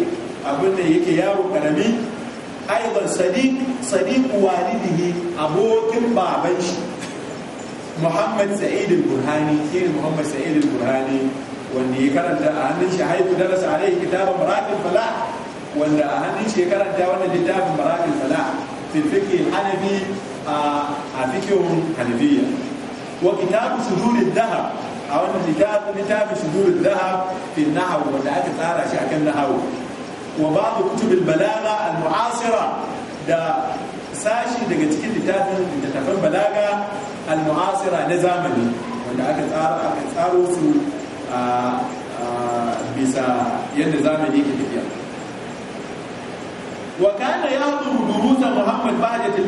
abin da yake yaro karami aidan sadiq sadiq walidihi abokin baban shi muhammad sa'id al-burhani shine muhammad sa'id al-burhani wanda ya karanta a hannun shi haifu darasa alaihi kitaban maratib falah wanda a hannun shi ya karanta wannan littafin marafin sana filfiki hanabi a fikihun hanabiya wa kitabu sudurin daha a wannan littafin littafin sudurin dahab fi nahawu wanda aka tsara shi akan nahawu wa babu kutubin balaga al-mu'asira da sashi daga cikin littafin littattafan balaga al-mu'asira na zamani wanda aka tsara aka tsaro su bisa yadda zamani ke tafiya Wakana ya yahduru durusa muhammad bahjat al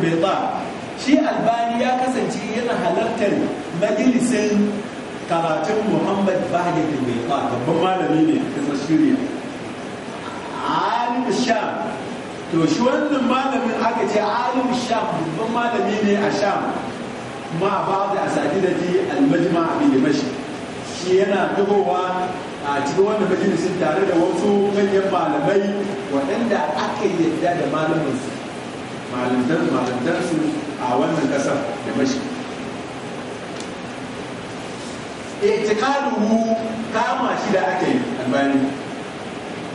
shi albani ya kasance yana halartar majalisin karatun muhammad bahjat al-bayda malami ne a kasar syria alim sham to shi wannan malamin aka ce alim sham babban malami ne a sha ma ba da asadidati al-majma' shi yana dubowa a cikin wannan majalisin tare da wasu manyan malamai waɗanda aka yadda da malamansu, malamtarsu a wannan ƙasar da mashi itikaduhu kama shi da aka yi albani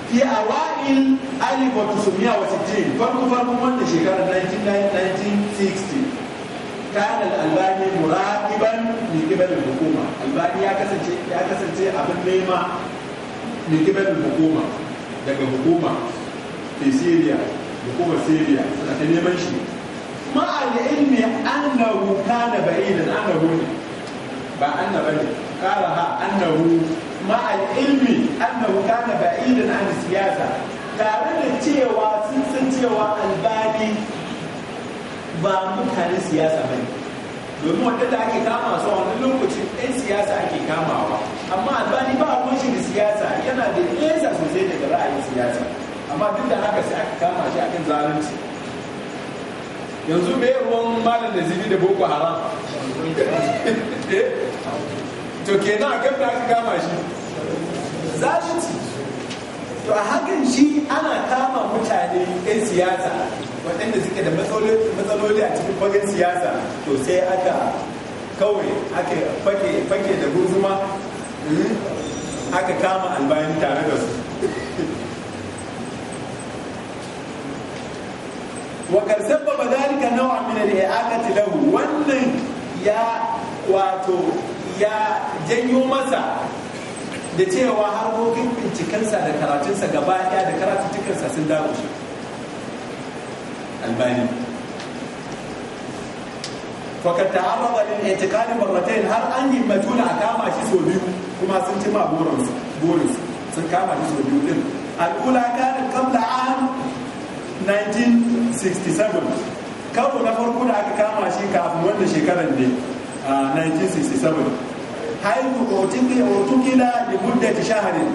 Fiye a alif wa tusumiya wa sittin farko farkon wanda shekarar 1960 kana albani muraqiban li qibal hukuma albani ya kasance abin nema li qibal hukuma daga hukuma fi Syria hukumar Syria ta neman shi ma al-ilmi annahu kana ba'idan annahu ba anna bane qala ha annahu ma al-ilmi annahu an siyasa tare da cewa sun san cewa albani ba mutanen siyasa ba ne domin da ake kama su wani lokacin ɗan siyasa ake kamawa amma albani ba a kunshi da siyasa yana da nesa sosai daga ra'ayin siyasa amma duk da haka sai aka kama shi akan zalunci yanzu me ruwan malam da zibi da boko haram to kenan a aka kama shi zalunci to a hakan shi ana kama mutane 'yan siyasa waɗanda suke da matsaloli a cikin fagen siyasa to sai aka kawai aka fake da guzuma hmm, aka kama albani tare da su wakar sabba ba zalika nawa min al-i'aqati lahu wannan ya wato ya janyo masa da cewa harkokin bincikensa da karatunsa gaba ɗaya da karatun karatuttukansa sun dawo shi albani fakar ta haraba da itikadin barbatain har an yi matuna a kama shi sau biyu kuma sun ci ma burinsu sun kama shi sau biyu din al'ula kanin kamla an 1967 karo na farko da aka kama shi kafin wannan shekarar ne 1967 haihu otukila da mudda ta shaharin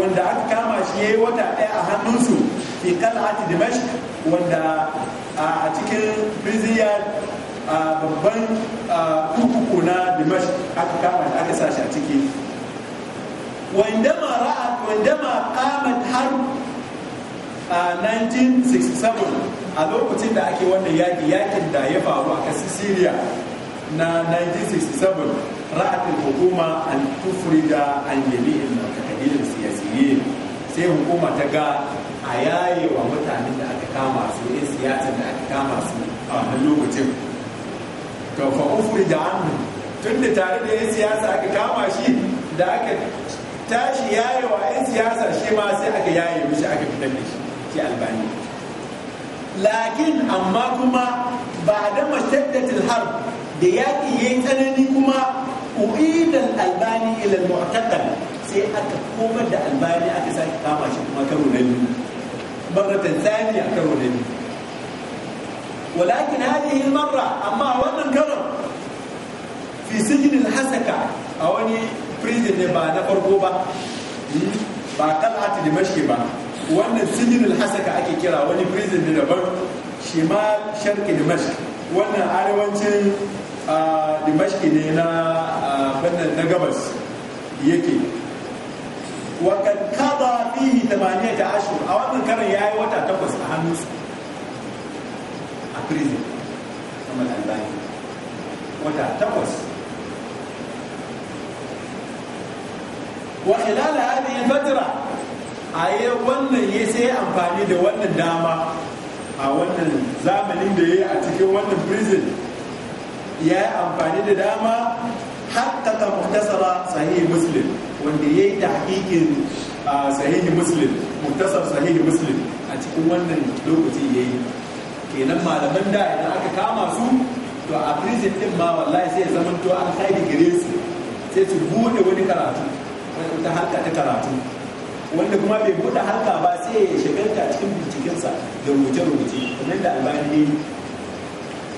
wanda aka kama shi ya yi wata ɗaya a hannunsu fi kal'ati dimashq wanda a cikin biziyar a babban kukuku na dimash aka kama shi aka sashi a ciki wandama ra'at ma qamat har a 1967 a lokacin da ake wannan yaki yakin da ya faru a kasar Syria na 1967 ra'atin hukuma an da an jami'in mutakaddimin siyasiyin sai hukuma ta ga a yaye wa mutanen da aka kama su yin siyasa da aka kama su a wannan lokacin to fa da an tun da tare da yin siyasa aka kama shi da aka tashi yaye wa yan siyasa shi ma sai aka yaye mishi aka fitar da shi shi albani lakin amma kuma ba da mashaddatul harb da yaƙi ya yi tsanani kuma u'idan albani ila mu'taqal sai aka komar da albani aka sake kama shi kuma karo na biyu marratan thaniya karo na biyu walakin hadhihi marra amma wannan karo fi sijin hasaka a wani prison ne ba na farko ba ba da mashi ba wannan sijin hasaka ake kira wani prison ne daban shimal sharqi dimashq wannan arewacin a dimashki ne na bannan na gabas yake wakan kaba fihi tamaniya ta ashur a wannan karin ya yi wata takwas a hannun su a prison kamar albani wata takwas wa khilala hadhihi a yi wannan ya sai amfani da wannan dama a wannan zamanin da ya yi a cikin wannan prison ya yi amfani da dama hatta ta muktasara sahihi muslim wanda ya yi a sahihi muslim muktasar sahihi muslim a cikin wannan lokaci ya yi kenan malaman da idan aka kama su to a prison din ma wallahi sai zaman to an kai digire su sai su bude wani karatu wani ta ta karatu wanda kuma bai bude halka ba sai ya shagalta cikin bincikinsa da rubuce-rubuce kamar da albani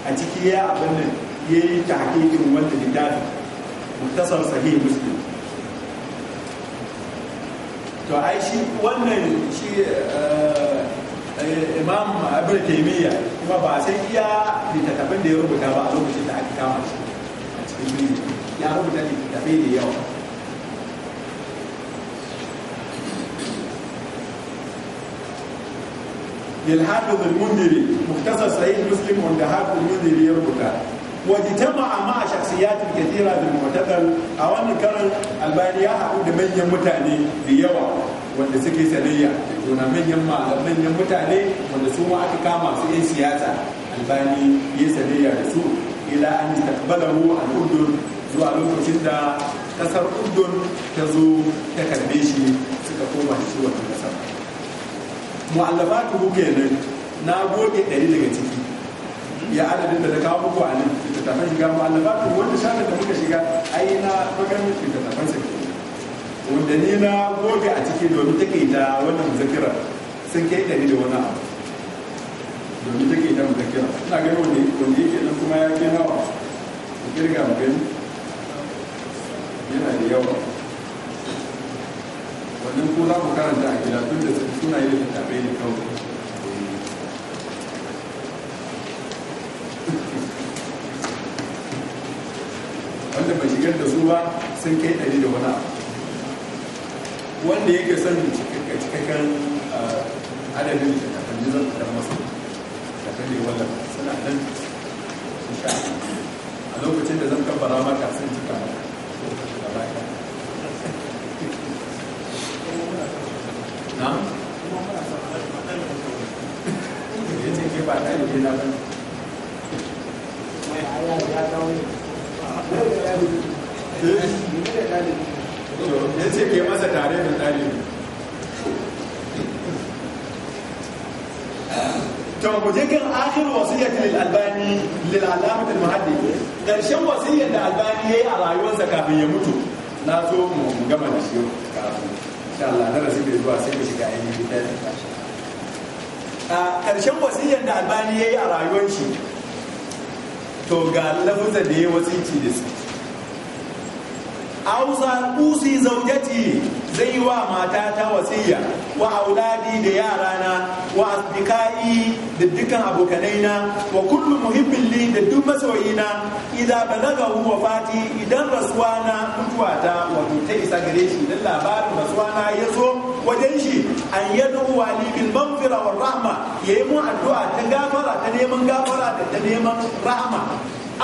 a ciki ya abin nan يي تحقيق ممتد الدافع مختصر صحيح مسلم تو اي شيء ونن شيء آه، امام ابن تيميه كما باسي يا لتتبين دي ربك ابا لو شيء تحقيق تام يا رب الذي تبين لي يوم للحافظ المنذري مختصر صحيح مسلم عند حافظ المنذري يربطها wajitama ma shaksiyatin kathira bil mu'taqal a wannan karar albani ya haɗu da manyan mutane da yawa wanda suke sanayya da juna manyan manyan mutane wanda su ma aka kama su yan siyasa albani ya sanayya da su ila an a al urdun zuwa lokacin da ƙasar urdun ta zo ta karbe shi suka koma da shi wannan kasar mu'allafatu kenan na goge ɗari daga ciki ya adadin da na kawo muku a nan littattafan shiga mu'allafatu wanda shafin da muka shiga ai na maganin littattafan sa wanda ni na goge a ciki domin take da wannan zakira sun kai ni da wani abu domin take da zakira ina ga wani wanda yake nan kuma ya ke nawa ku kirga mu gani yana da yawa wannan ko za ku karanta a gida tun da suna yi da littattafai ne kawai ruwa ba sun kai ɗari da wani abu wanda yake son cikakken adadin da zan masu da wannan suna nan su a lokacin da zan kabbara maka sun cika ba ɗalibi na ya ce ke masa tare da ɗalibi to mu je akhir wasiyyat lil albani lil alamat al muhaddi karshen wasiyyar da albani yayi a rayuwarsa kafin ya mutu na zo mu gama da shi kafin insha Allah na rasu da zuwa sai mu shiga ainihin littafin kashi a karshen wasiyyar da albani yayi a rayuwar shi to ga lafuzar da yayi wasiyyaci da su auza usi zaujati zai wa matata wasiya wa auladi da yarana wa asbikai da dukkan na wa kullum muhibbin li da duk masoyina idan balaga wa fati idan rasuwa mutuwata wato ta isa gare shi dan labarin na ya zo wajen shi an yadu wa li bil maghfira wal rahma yayi mu addu'a ta gafara ta neman gafara da ta neman rahma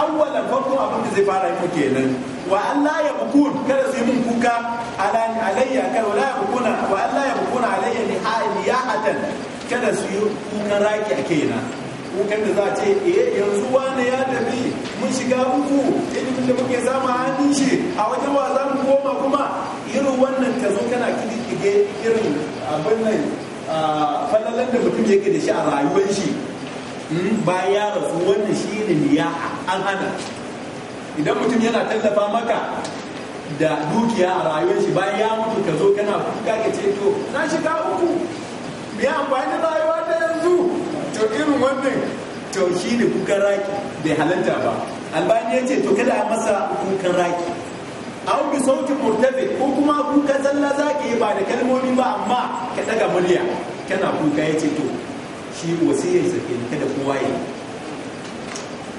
awwalan farko abin da zai fara yi kenan wa Allah ya bukun kada su yi mun kuka alayya kada Allah ya bukuna wa Allah ya bukuna alayya ni hatan kada su yi kuka raki a kaina kukan da za a ce eh yanzu wani ya tafi mun shiga uku ilimin da muke samu hannun shi a wajen wa za mu koma kuma irin wannan ka zo kana kididdige irin abin nan falalan da mutum yake da shi a rayuwar shi hmm, Ba ya rasu wannan shi ne ya an hana idan mutum yana tallafa maka da dukiya a rayuwar shi bayan ya mutu ka zo kana kuka ka ce to na shiga uku me amfani rayuwa ta yanzu to irin wannan to shi ne kuka raki bai halatta ba albani ya ce to kada a masa kukan raki au bi sautin murtabe ko kuma kuka zalla zaki ba da kalmomi ba amma ka daga murya kana kuka ya ce to shi wasiyar sa kada kowa ya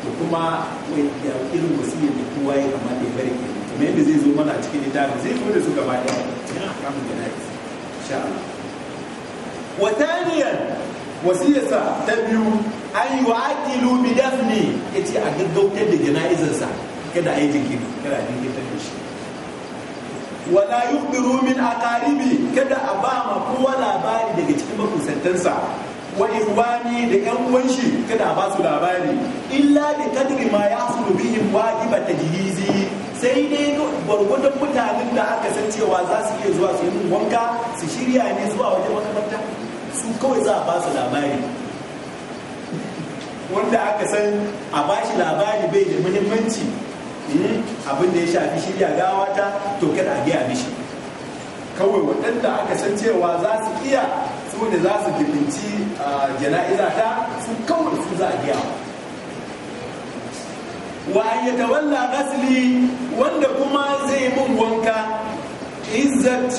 da kuma da irin wasiyar da kowa ya kamata ya bari kamar yadda zai zo mana cikin littafin zai zo da su gaba ɗaya cikin akamun da na'is insha Allah wa taniyan wasiyarsa ta biyu an yi wa aqilu bi dafni yace a gaggautar da jana'izarsa kada a yi jinkiri kada a jinkirtar ta shi wala yuqdiru min aqaribi kada a ba ma kowa labari daga cikin makusantansa wa ikhwani da yan uwan shi kada ba su labari illa bi kadri ma yasulu bihi wajiba tajhizi sai dai gurgudun mutanen da aka san cewa za su iya zuwa su yi wanka su shirya ne zuwa wajen makaranta su kawai za a ba su labari wanda aka san a ba shi labari bai da muhimmanci eh, abin da ya shafi shirya gawa ta to kada a biya mishi kawai waɗanda aka san cewa za su iya ne za su gibinci jana'iza ta sun kawai su za a biya wa an yi tawalla asali wanda kuma zai mun wanka izzat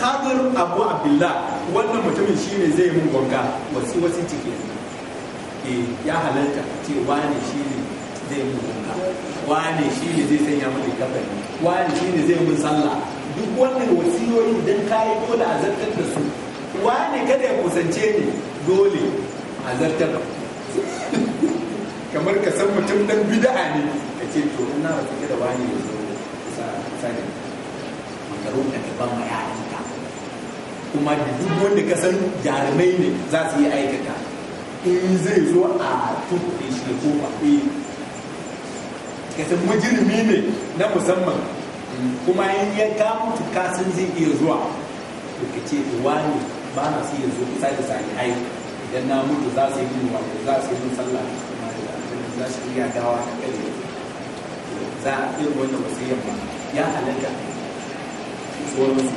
khadir abu abdullah wannan mutumin shi ne zai mun wanka wasu wasu cike eh, ya halarta ce wane shi ne zai mun wanka wane shi ne zai sanya mun kafani wane shi ne zai mun sallah duk wannan wasiyoyin don kayan dole a zartar da su wani kada ya kusance ni dole a zartar kamar ka san mutum dan bid'a ne ka ce to in na rasu da wani ya zo sa sani makaru da ka ban maya a kuma da duk wanda ka san jarumai ne za su yi aikata in zai zo a tuɗe shi ko a eh. ka san mujirmi ne na musamman kuma in ya ka mutu ka zai iya zuwa to ka ce wani ba na so ya zo kusa da sani ai idan na mutu za su yi min wato za su yi min sallah za su iya dawa da kare za a iya wanda ba wasiyar yamma. ya halatta tsoron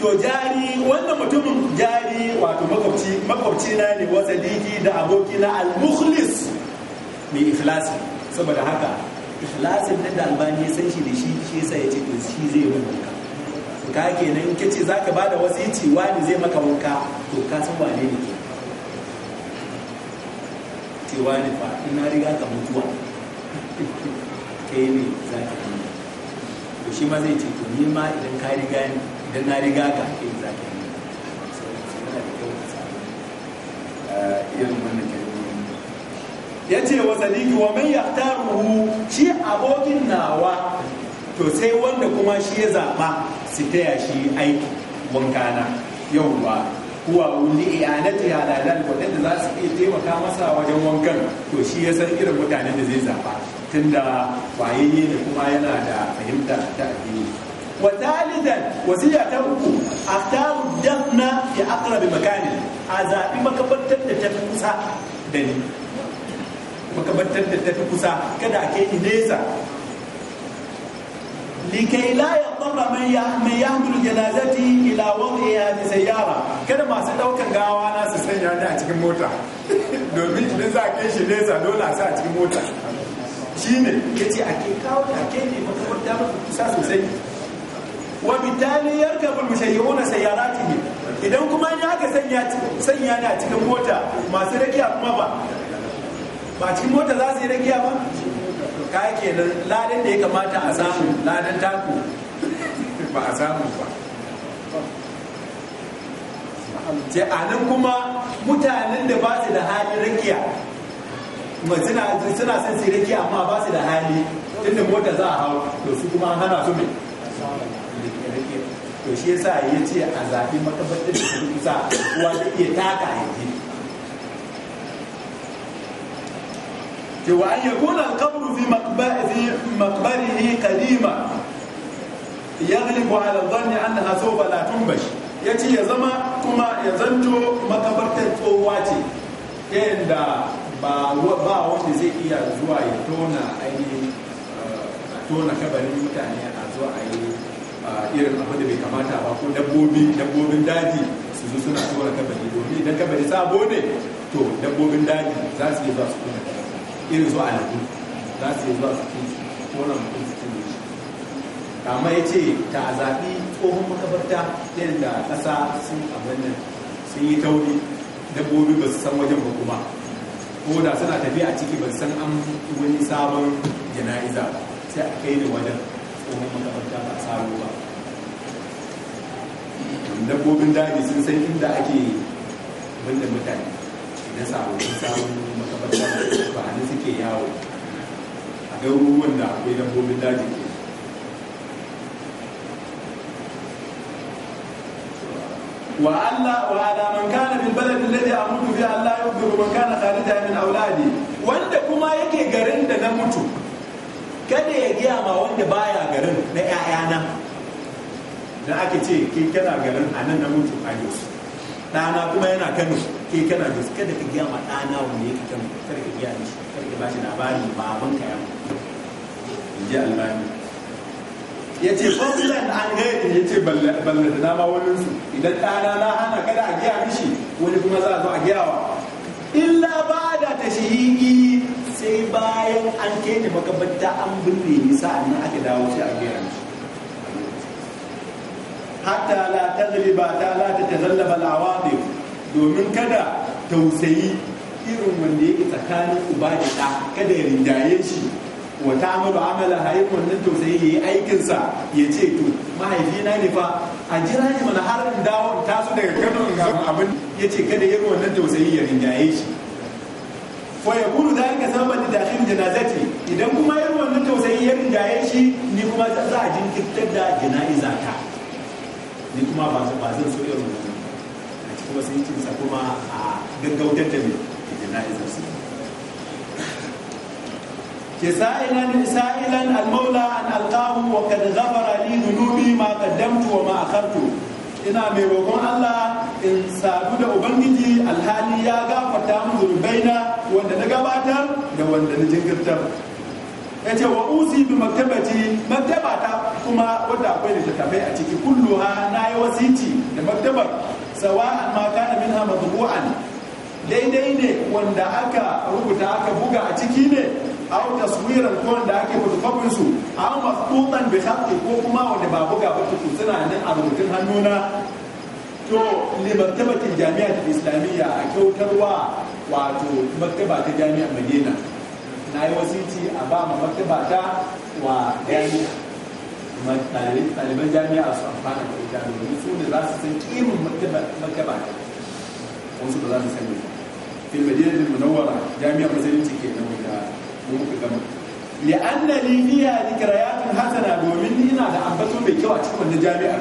to jari wannan mutumin jari wato makwabci makwabci na ne wasa diki da aboki na al-mukhlis mai ikhlasi saboda haka ikhlasin da albani ya san shi da shi shi yasa ya ce to shi zai yi rubuta ka kenan ba da wasu yi wani zai maka wanka to ka san wane ne ke ce wani fa ina riga ka mutuwa kai ne za ka yi to shi ma zai ce to ni ma idan ka riga idan na riga ka ke za ka yi eh, ya ce wa sadiki wa man yahtaruhu shi abokin nawa to sai wanda kuma shi ya zaɓa su taya shi aiki wankana yawwa kuwa wuli iyanati halalan waɗanda za su iya taimaka masa wajen wankan to shi ya san irin mutanen da zai zaɓa tunda wayayye da kuma yana da fahimta ta addini wa wasiya ta uku a taru dafna ya akrabi makani a zaɓi makabartar da ta fi kusa da ni makabartar da ta fi kusa kada a kai nesa لكي لا يضطر من mai يحمل janazati ila وضعها في سياره kada masu daukan gawa na su sanya ni a cikin mota domin idan za a shi shi nesa dole a sa a cikin mota shine yace a ke kawo ta ke ne mutum da mutum kusa sosai wa bitali yarkabu mushayyihuna sayyaratihim idan kuma ni aka sanya sanya ni a cikin mota masu rakiya kuma ba ba cikin mota za su yi rakiya ba ka kenan ladan da ya kamata a samu ladan taku ba a samu ba ce a nan kuma mutanen da ba su da halin rakiya suna son su rakiya amma ba su da hali da mota za a hau to su kuma an hana su mai to shi yasa ya ce a zafi makabartar da su kusa wanda ta iya taka yanzu وأن يكون القبر في مقبره قديما يغلب على الظن أنها سوف لا تنبش يتي يزما كما يزنجو مقبرة تواتي عند ba wanda zai iya zuwa ya tona eh, kabarin mutane a zuwa a eh, irin abu bai kamata ba ko dabbobi dabbobin daji su zo suna tona kabari domin idan kabari sabo ne to dabbobin daji za su su irin zuwa alaƙi za su yi zuwa su kai su mutum su cinye shi ya ce ta a zaɓi tsohon makabarta yadda ƙasa sun abin nan sun yi tauri dabbobi ba su san wajen ba kuma ko da suna tafiya a ciki ba san an wani sabon jana'iza sai a kai ni wajen tsohon makabarta ba saro ba dabbobin daji sun san inda ake banda mutane na samu samun makabarta ba hannu suke yawo a garuruwan da akwai dabbobin daji ke وعلى وعلى من كان a mutu الذي اموت فيه الله يغفر من كان خارجا من auladi wanda kuma yake garin da na mutu kada ya giya ma wanda baya garin na na da ake ce ke kana garin a nan na mutu a yau ɗana kuma yana kano ke kana da kada ka giya ma ɗana wanda yake kano kada ka giya mishi kada ka bashi labarin baban ka ya in ji albani ya ce fosilan an gaidi ya ce balle da nama waninsu idan ɗana na hana kada a giya mishi wani kuma za a zo a giya wa illa ba da tashihigi sai bayan an kene ni makabarta an binne ni a nan aka dawo shi a giya mishi hatta la tagliba ta la ta tazallaba al'awadi domin kada tausayi irin wanda yake tsakanin uba da ɗa kada ya rinjaye shi wata amalu amala hayin wannan tausayi ya yi aikinsa ya ce to na ne fa a jira ne mana har in dawo taso daga kano in gama abin ya ce kada irin wannan tausayi ya rinjaye shi fa ya gudu da aka samu da dakhil janazati idan kuma irin wannan tausayi ya rinjaye shi ni kuma za a jinkirtar da jana'iza ta ni kuma ba zan so irin wannan a cikin wasu sa kuma a gaggautar da mai jana'izar su ke sa'ilan sa'ilan al-maula an alqahu wa kad ghafara li dhunubi ma qaddamtu wa ma akhartu ina mai roƙon Allah in sadu da ubangiji alhali ya gafarta min zurbaina wanda na gabatar da wanda na jinkirtar ya ce wa uzi bi maktabati maktabata kuma wadda akwai littattafai a ciki kullu ha na yi wasiti da maktabar sawa'an ma kana minha madbu'an daidai ne wanda aka rubuta aka buga a ciki ne a wata taswiran ko wanda ake fotokofin su wata tutan bai haƙe ko kuma wanda ba buga ba to suna nan a rubutun hannuna to li maktabatil jami'a islamiyya a kyautarwa wato maktaba ta jami'a Madina na yi wasiti a ba ma maktaba ta wa gani ɗaliban jami'a su amfana da ita domin su ne za su san kimin maktaba ta wasu ba za su sani ba fil madinatul munawwara jami'a musulunci ke nan da mu muka gama li'anna li fiha dhikrayatun hasana domin ina da ambato mai kyau a cikin wannan jami'a.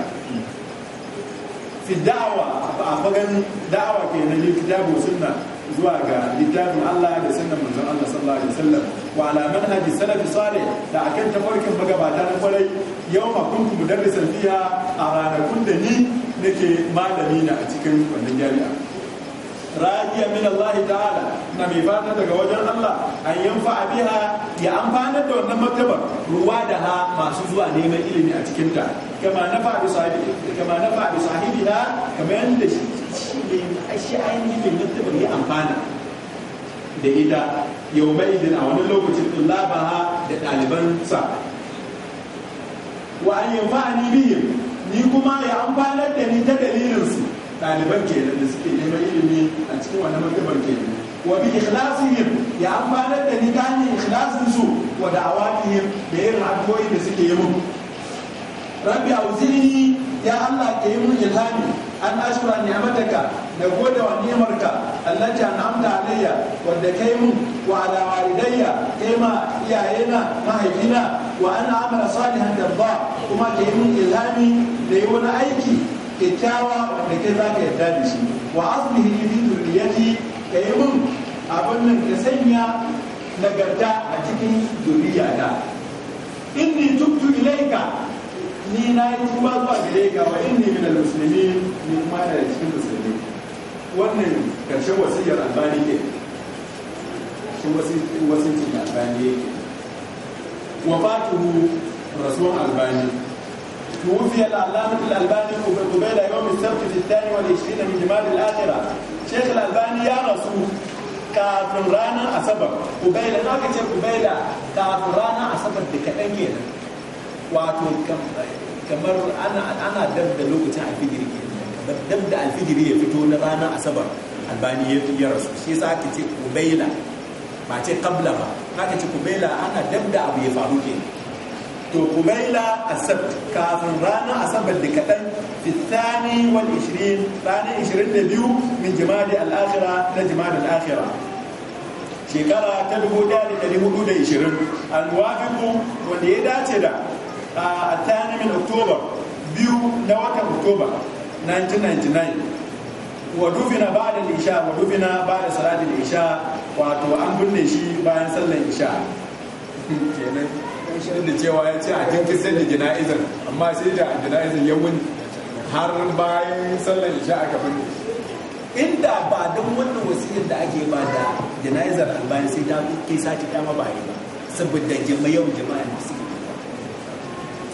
fi da'awa a fagen da'awa ke na kitabu sunna zuwa ga littafin Allah da sunnan manzon Allah sallallahu alaihi wasallam wa ala manhaji salafi salih da akan tafarkin magabata na kwarai yawma kuntu mudarrisan fiha a ranakun da ni nake malami na a cikin wannan jami'a rajiya min Allah ta'ala na mai fata daga wajen Allah an yanfa biha ya amfana da wannan maktabar ruwa da ha masu zuwa neman ilimi a cikin ta kama na fa sahibi kama na fa sahibi sahibiha kama yadda shi ne shi ainihin mai ya amfana da ita yau mai idin a wani lokacin ha da ɗalibansa wa an yanfa ni bihim ni kuma ya amfanar da ni ta dalilinsu ɗaliban kenan da suke neman ilimi a cikin wannan martabar kenan wa bi ikhlasihim ya amfanar da ni ta hanyar ikhlasin su wa da'awatihim da yin addu'o'i da suke yi mun rabbi auzini ya Allah ka yi mun ilhami an ashkura ni'mataka da gode wa ni'marka allati an'amta alayya wanda kai mun wa ala walidayya kai ma iyayena mahaifina wa an amara salihan dabba kuma ka yi mun ilhami da yi wani aiki kyakkyawa wanda ke za ka yarda da shi wa asbihi lidi zurriyati ka yi mun abin nan ka sanya nagarta a cikin ta inni tubtu ilaika ni na yi tuba zuwa gare ka wa inni min al muslimi ni kuma da cikin musulmi wannan karshen wasiyar albani ke shi wasiyar albani wa wafatuhu rasul albani توفي العلامة الألباني قبيل يوم السبت في الثاني والعشرين من جمال الآخرة شيخ الألباني يا رسول kafin ranar asabar kubaila na ka ce kubaila kafin ranar asabar da kaɗan yana wato kamar ana dab da lokacin alfijiri ke da alfijiri ya fito na ranar asabar albani ya rasu shi sa aka ce kubaila ba ce kabla ba aka ce kubaila ana da abu ya faru to kubaila asabt kafin ranar asabar da kaɗan fitani wal ishirin ranar ishirin da biyu min jimadi al'akira na jimadi al'akira shekara ta dubu ɗaya da ɗari hudu da ishirin alwafiku wanda ya dace da a tani min oktoba biyu na watan oktoba 1999 wa dufina ba da isha wa dufina ba da salatin isha wato an binne shi bayan sallan isha kenan duk da cewa ya ce a sai da jana'izar amma sai da jana'izar ya wuni har bayan sallar isha aka binne inda ba don wannan wasiyar da ake ba da jana'izar albayan sai ta ke sati dama ba yi ba saboda jama'yau jama'a da suke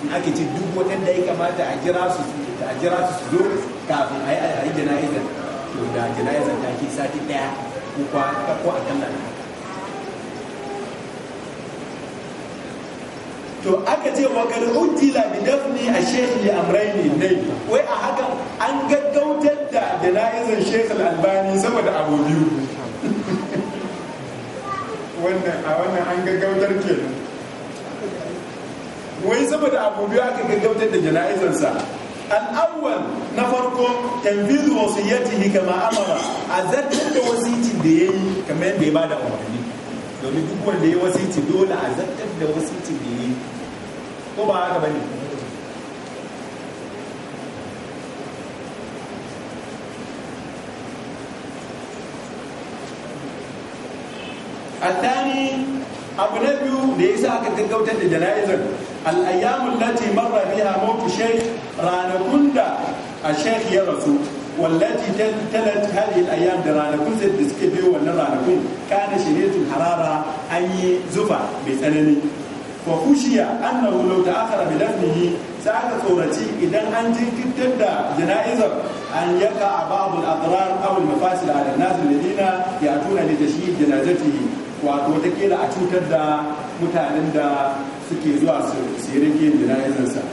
in ake ce duk waɗanda ya kamata a jira su a jira su zo kafin a yi jana'izar to da jana'izar ta ke sati ɗaya ko kwa ko akalla na to aka ce wa kar ujjila bi dafni a sheikh li amraini ne wai a haka an gaggautar da jana'izar sheikh albani sama da abu biyu wannan a wannan an gaggautar ke wai sama da abu biyu aka gaggautar da jana'izarsa al'awwal na farko tanbizu ni kama amara a zartar da wasicin da ya yi kamar yadda ya bada umarni domin duk wanda ya wasici dole a zartar da wasicin da ya yi. ko ba haka abu na biyu da ya sa aka gaggautar da jana'izar al'ayyamun lati marra a mautu shai ranakun da a shek ya rasu wallaci talat hadhihi al-ayyam da ranakun sai da suke biyo wannan ranakun kana shiritul harara anyi yi zufa mai tsanani fa khushiya annahu law ta'akhara bi dafnihi sai aka tsoraci idan an jinkirtar da jana'izar an yaka a babu adrar aw al mafasil ala da alladina yatuna li tashhid janazatihi wato ta kila a cutar da mutanen da suke zuwa su jana'izarsa.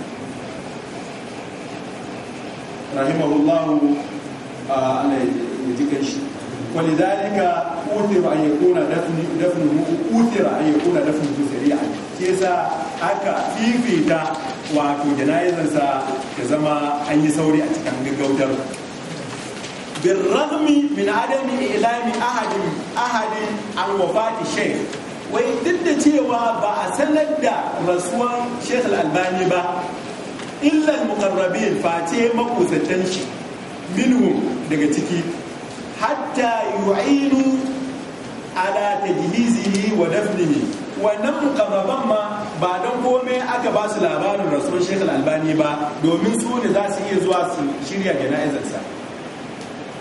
rahimahullahu Allah ya shi ولذلك أثر أن يكون دفن دفنه أثر أن يكون دفنه سريعا كيسا أكا في ya zama an yi sauri a cikin gaggautar birrahmi min adami ilami ahadin ahadin an wafati wai duk da cewa ba a sanar da rasuwan sheikh albami ba illal muqarrabin face makusatan shi minhum daga ciki hatta yu'inu ala tajhizihi wa dafnihi wannan mukammaman ma ba don komai aka ba su labarin rasuwan Sheikh Albani ba domin su ne za su iya zuwa su shirya sa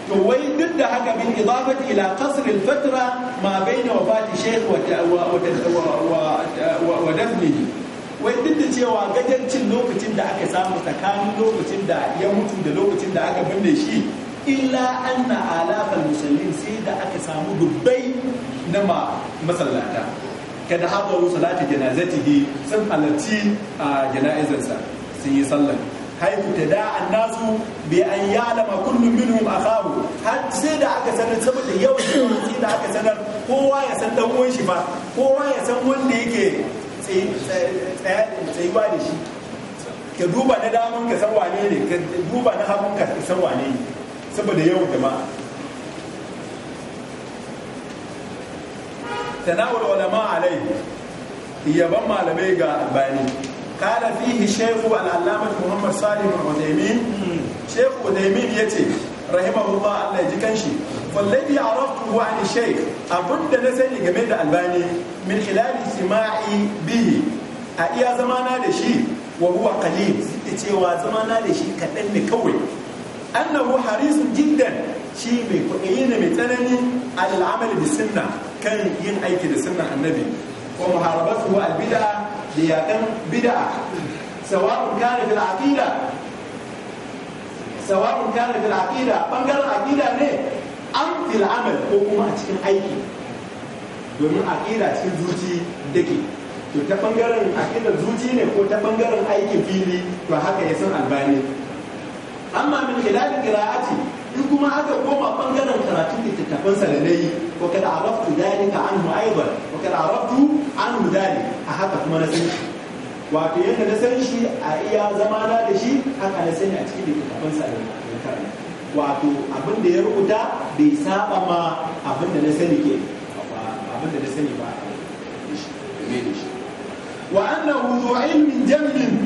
to wai duk da haka bin idafati ila qasr al fatra ma baina wafati Sheikh wa wa wa dafnihi wai duk da cewa gajancin lokacin da aka samu tsakanin lokacin da ya mutu da lokacin da aka binne shi illa na alaƙar musallin sai da aka samu dubbai na masallata kada haɗaru salati ne sun halarci a jana'izarsa sun yi sallar haifu ta an nasu bai an yi alama kullum minu a har sai da aka sanar saboda yawan sai da aka sanar kowa ya san ɗan uwan shi ba kowa ya san wanda yake tsayuwa da shi ka duba na daman ka san wane ne ka duba na hagun ka san wane ne saboda yau jama'a tanawar ulama alai yaban malamai ga albani kala fihi shaykhu al muhammad salim al-udaymin shaykh ya ce, rahimahullah Allah ya ji kanshi wallahi araftuhu an shaykh abinda na sani game da albani min khilali sima'i bihi a iya zamana da shi wa huwa qalil cewa zama zamana da shi kaɗan ne kawai annahu harisun jiddan shi mai kuɗi ne mai tsanani al'amal da sunna kan yin aiki da sunnan annabi wa muharabatu al bid'a da yaƙan bid'a sawa'un kana fil aqida sawa'un kana fil aqida bangaren ne an fi amal ko kuma a cikin aiki domin aqida cikin zuci dake to ta ɓangaren aqidar zuci ne ko ta ɓangaren aiki fili to haka ya san albani amma min khilal qira'ati in kuma aka koma bangaren karatun littattafan sa da nayi wa kad araftu dalika anhu aidan wa kad araftu anhu dalika a haka kuma na san shi wato yadda na san shi a iya zama na da shi haka na sani a cikin littattafan sa da karanta wato abin da ya rubuta bai saba ma abin da na sani ke abin da na sani ba a shi wa annahu zu'ilmin jammin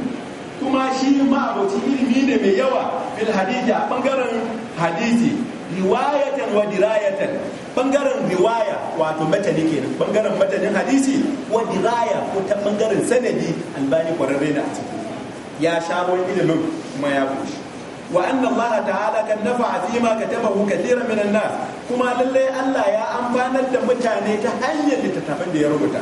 kuma shi ma'abocin ilimi ne mai yawa fil hadisi a bangaren hadisi riwayatan wa dirayatan bangaren riwaya wato matani kenan bangaren matanin hadisi wa diraya ko ta bangaren sanadi albani kwararre na a ciki ya wani ilimin kuma ya bushe wa anna ta ta'ala kan nafa zima ka taba kathiran min minan nas kuma lallai Allah ya amfanar da mutane ta hanyar littattafan da ya rubuta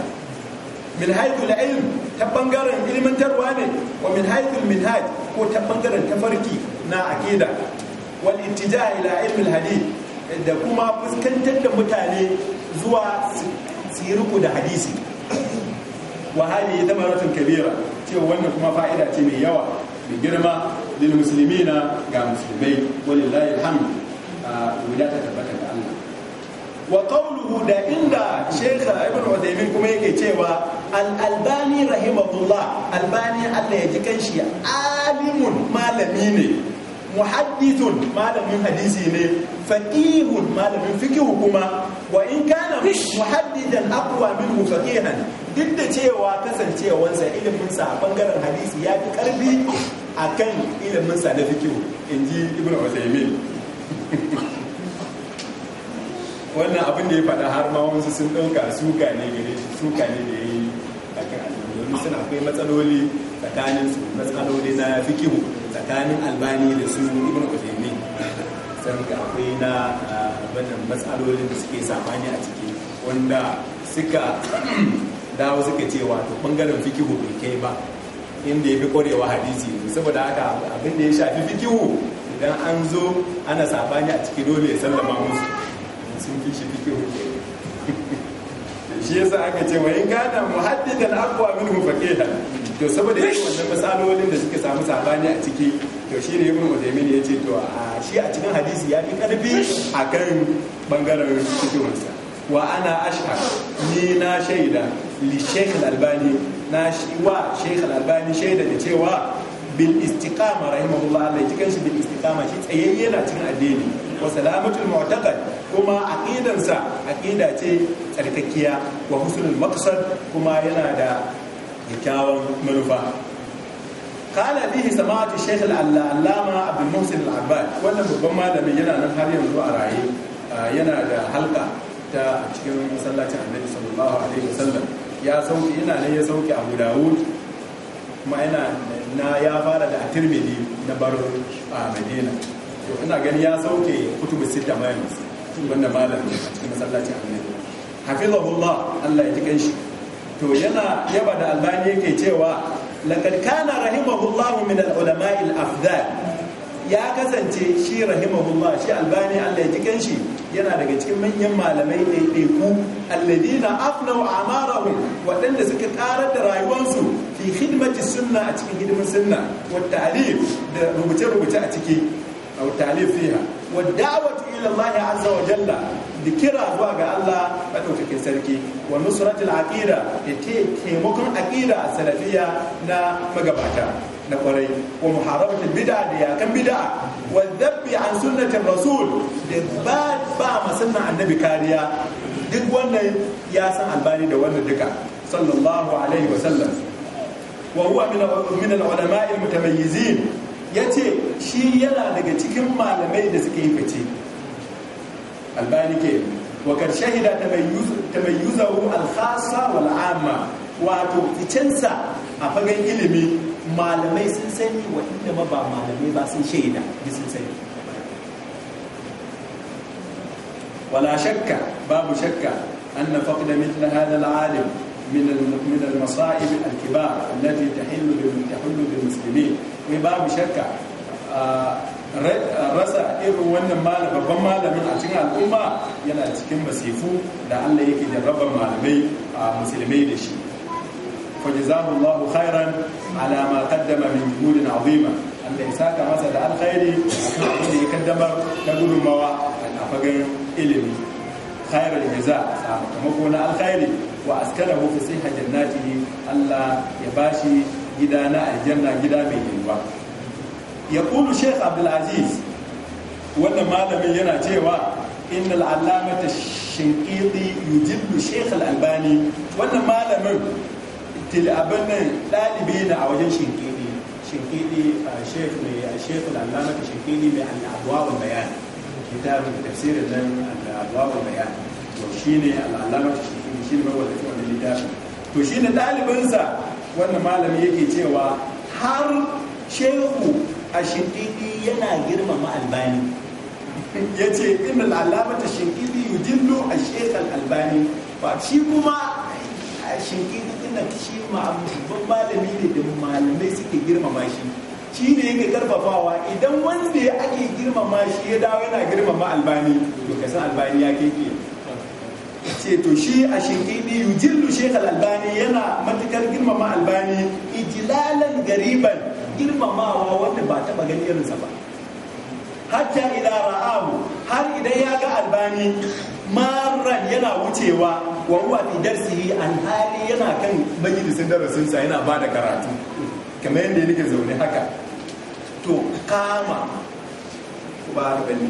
min haithul ilm ta bangaren ilmantarwa ne wa min min minhaj ko ta bangaren tafarki na akida wal ittija ila ilm al hadith da kuma fuskantar da mutane zuwa siriku da hadisi wa hali damaratun kabira cewa wannan kuma fa'ida ce mai yawa mai girma lil muslimina ga musulmai walillahi alhamd wudata ah, tabbata da Allah wa qawluhu da inda Sheikh Ibn Uthaymeen kuma yake cewa al-Albani rahimahullah Albani Allah ya ji kanshi alimun malami ne muhaddithun malamin hadisi ne faqihun malamin fikihu kuma wa in kana muhaddidan aqwa minhu faqihan duk da cewa kasancewansa ilimin sa bangaren hadisi ya fi karfi akan ilimin sa na fikihu inji ibn wannan abin da ya faɗa har ma wasu sun ɗauka suka ne gare shi suka ne da ya yi a kan alamu domin suna akwai matsaloli tsakanin su matsaloli na fikihu tsakanin albani da su ibn uthaymin sun ga akwai na wannan matsalolin da suke sabani a ciki wanda suka dawo suka ce wato bangaren fikihu bai kai ba inda ya fi ƙwarewa hadisi saboda haka abin da ya shafi fikihu idan an zo ana sabani a ciki dole ya sallama musu sun fi shi fikihu shi yasa aka ce wa in kana muhaddidan aqwa minhu faqihan to saboda yake wannan misalolin da suka samu sabani a ciki to shi ne ibn ya ce to a shi a cikin hadisi ya fi karfi akan bangaren fikihunsa wa ana ashhad ni na shaida li Sheikh al-Albani na shi wa Sheikh al-Albani shaida da cewa bil istiqama rahimahullah Allah ya ji bil istiqama shi tsayayye na cikin addini wa salamatul mu'taqad kuma aqidansa aƙida ce tsarkakkiya wa husnul maqsad kuma yana da kyakkyawan manufa qala bihi sama'atu shaykh al-allama abdul muhsin al-abbad wannan babban malamin yana nan har yanzu a raye yana da halka ta cikin masallacin annabi sallallahu alaihi wasallam ya yana ne ya sauke abu dawud kuma ya fara da tirmidhi na baro a madina to ina gani ya sauke kutubu sita minus wanda malam a cikin masallacin annabi hafizahullah Allah ya tikan shi to yana yaba da albani yake cewa laqad kana rahimahullah min al-ulama'i al-afdal ya kasance shi rahimahullah shi albani Allah ya tikan shi yana daga cikin manyan malamai ɗaiɗaiku alladina afnau amarahum waɗanda suka karar da rayuwarsu fi hidimati sunna a cikin hidimin sunna wa ta'lif da rubuce-rubuce a ciki أو تعليل فيها والدعوة إلى الله عز وجل ذكرى أبواك الله فتوتك سركي ونصرة العقيدة يتي تيمكن عقيدة سلفية نا مقباتا نقري ومحاربة البدع دي كم بدع والذب عن سنة الرسول دباد با سنة النبي كاريا duk wannan ya san albani da wannan duka sallallahu alaihi wasallam wa huwa min al-ulama al-mutamayyizin ya ce shi yana daga cikin malamai da suka yi fice albani ke wa wakar shahida tamayyuzahu alkhasa wal amma wato ficensa a fagen ilimi malamai sun sani wa inda ma ba malamai ba sun shaida da sun sani wala shakka babu shakka an na faɗi da mitla hadal alim min al-masa'ib al-kibar بالمسلمين ne babu shakka rasa irin wannan malam babban malamin a cikin al'umma yana cikin masifu da Allah yake jarraban malamai a musulmai da shi fajizahu Allah khairan ala ma qaddama min juhudin azima Allah ya saka masa da alkhairi akan abin da ya kaddamar ta gudunmawa a fagen ilimi khairul jaza sakamako na alkhairi wa askarahu fi sihha jannatihi Allah ya bashi gida na aljanna gida mai yalwa ya kulu sheikh abdulaziz wannan malamin yana cewa inna al'alamata shinkidi yujillu ɗalibi na a wajen shinkidi shinkidi a sheikh mai a sheikh to shine ɗalibinsa wannan malami yake cewa har shehu a shinkidi yana girmama albani ya ce inna al'alamata shinkidi jindo a shekar albani ba shi kuma a shinkidi ina shi ma'abban malami ne da malamai suke girmama shi shi ne yake karfafawa idan wanda ya ake girmama shi ya dawo yana girmama albani to ka san albani ya keke ce to shi a shinkidi yujillu shekar albani yana matukar girmama albani ijilalan gariban girmamawa wanda ba taba gani irinsa ba hatta idan ra'amu har idan ya ga albani maran yana wucewa wa huwa fi darsihi alhali yana kan majalisin sa yana ba da karatu kamar yadda yake zaune haka to kama ba bani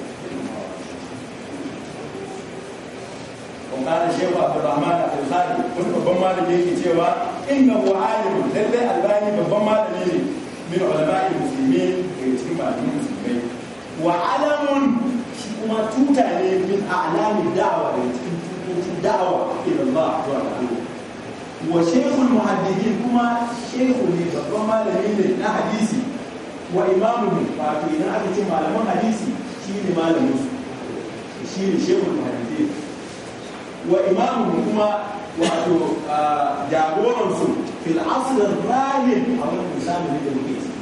وقال الشيخ عبد الرحمن عبد الخالق كل babban malami yake cewa inna hu alim albani babban malami ne min ulama'i muslimin cikin malamin wa alamun shi kuma tuta ne min a'lami da'wa daga cikin tutocin da'wa ila Allah wa ta'ala wa shaykhul muhaddithin kuma shaykhu ne babban malami ne na hadisi wa imamu ne wato idan aka ce malaman hadisi shi ne malamin shi ne shaykhul muhaddithin wa imamu kuma wato jagoransu fil asirar ralin a wani musamman da muke su,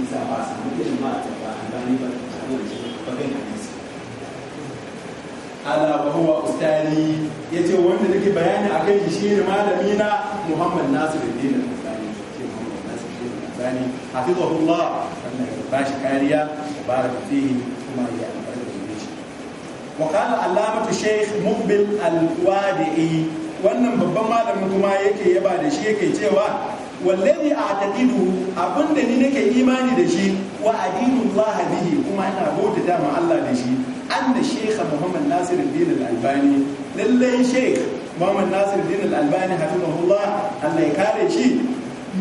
isa ba su muke da ba a ba a gani ba ta wani shi ba kai na nisa ala wa huwa ustani ya ce wanda nake bayani a kai shi ne malami na muhammad nasiru dina ustani ce muhammad nasiru a ustani hafizahullah wannan ya ba shi kariya baraka fihi kuma ya alamatu qala allamatu shaykh mubil alwadi'i wannan babban malamin kuma yake yaba da shi yake cewa wallazi abun abinda ni nake imani da shi wa adinullah bihi kuma ina bauta ma Allah da shi anna shaykh Muhammad Nasir al-Din al-Albani lallai shaykh Muhammad Nasir al-Din al-Albani hafizahullah Allah ya kare shi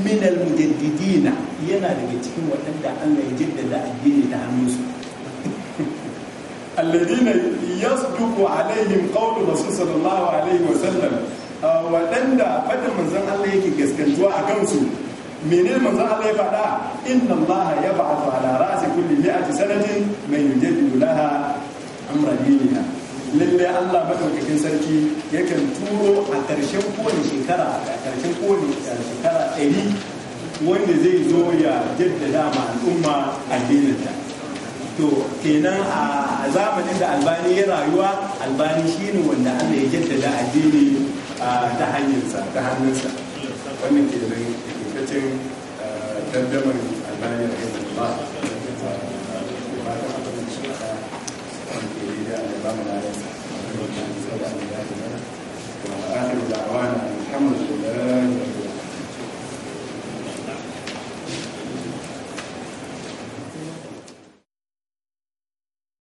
min al-mujaddidina yana daga cikin waɗanda Allah ya jaddada addini da hannunsu alladina yasduqu alaihim qawlu rasul sallallahu alaihi wasallam waɗanda fadin manzon Allah yake gaskantuwa a kansu menene manzon Allah ya faɗa inna Allah yab'athu ala ra'si kulli mi'ati sanatin man yujaddidu laha amra diniha lalle Allah madaukakin sarki yakan turo a ƙarshen kowane shekara a ƙarshen kowane ɗari wanda zai zo ya jaddada ma al'umma addininta to kenan a zamanin da albani ya rayuwa albani shi ne wanda allah ya jaddada addini ta hanyarsa ta hannunsa wannan kenan takaitaccen dandamar albani da yanzu ba Thank you.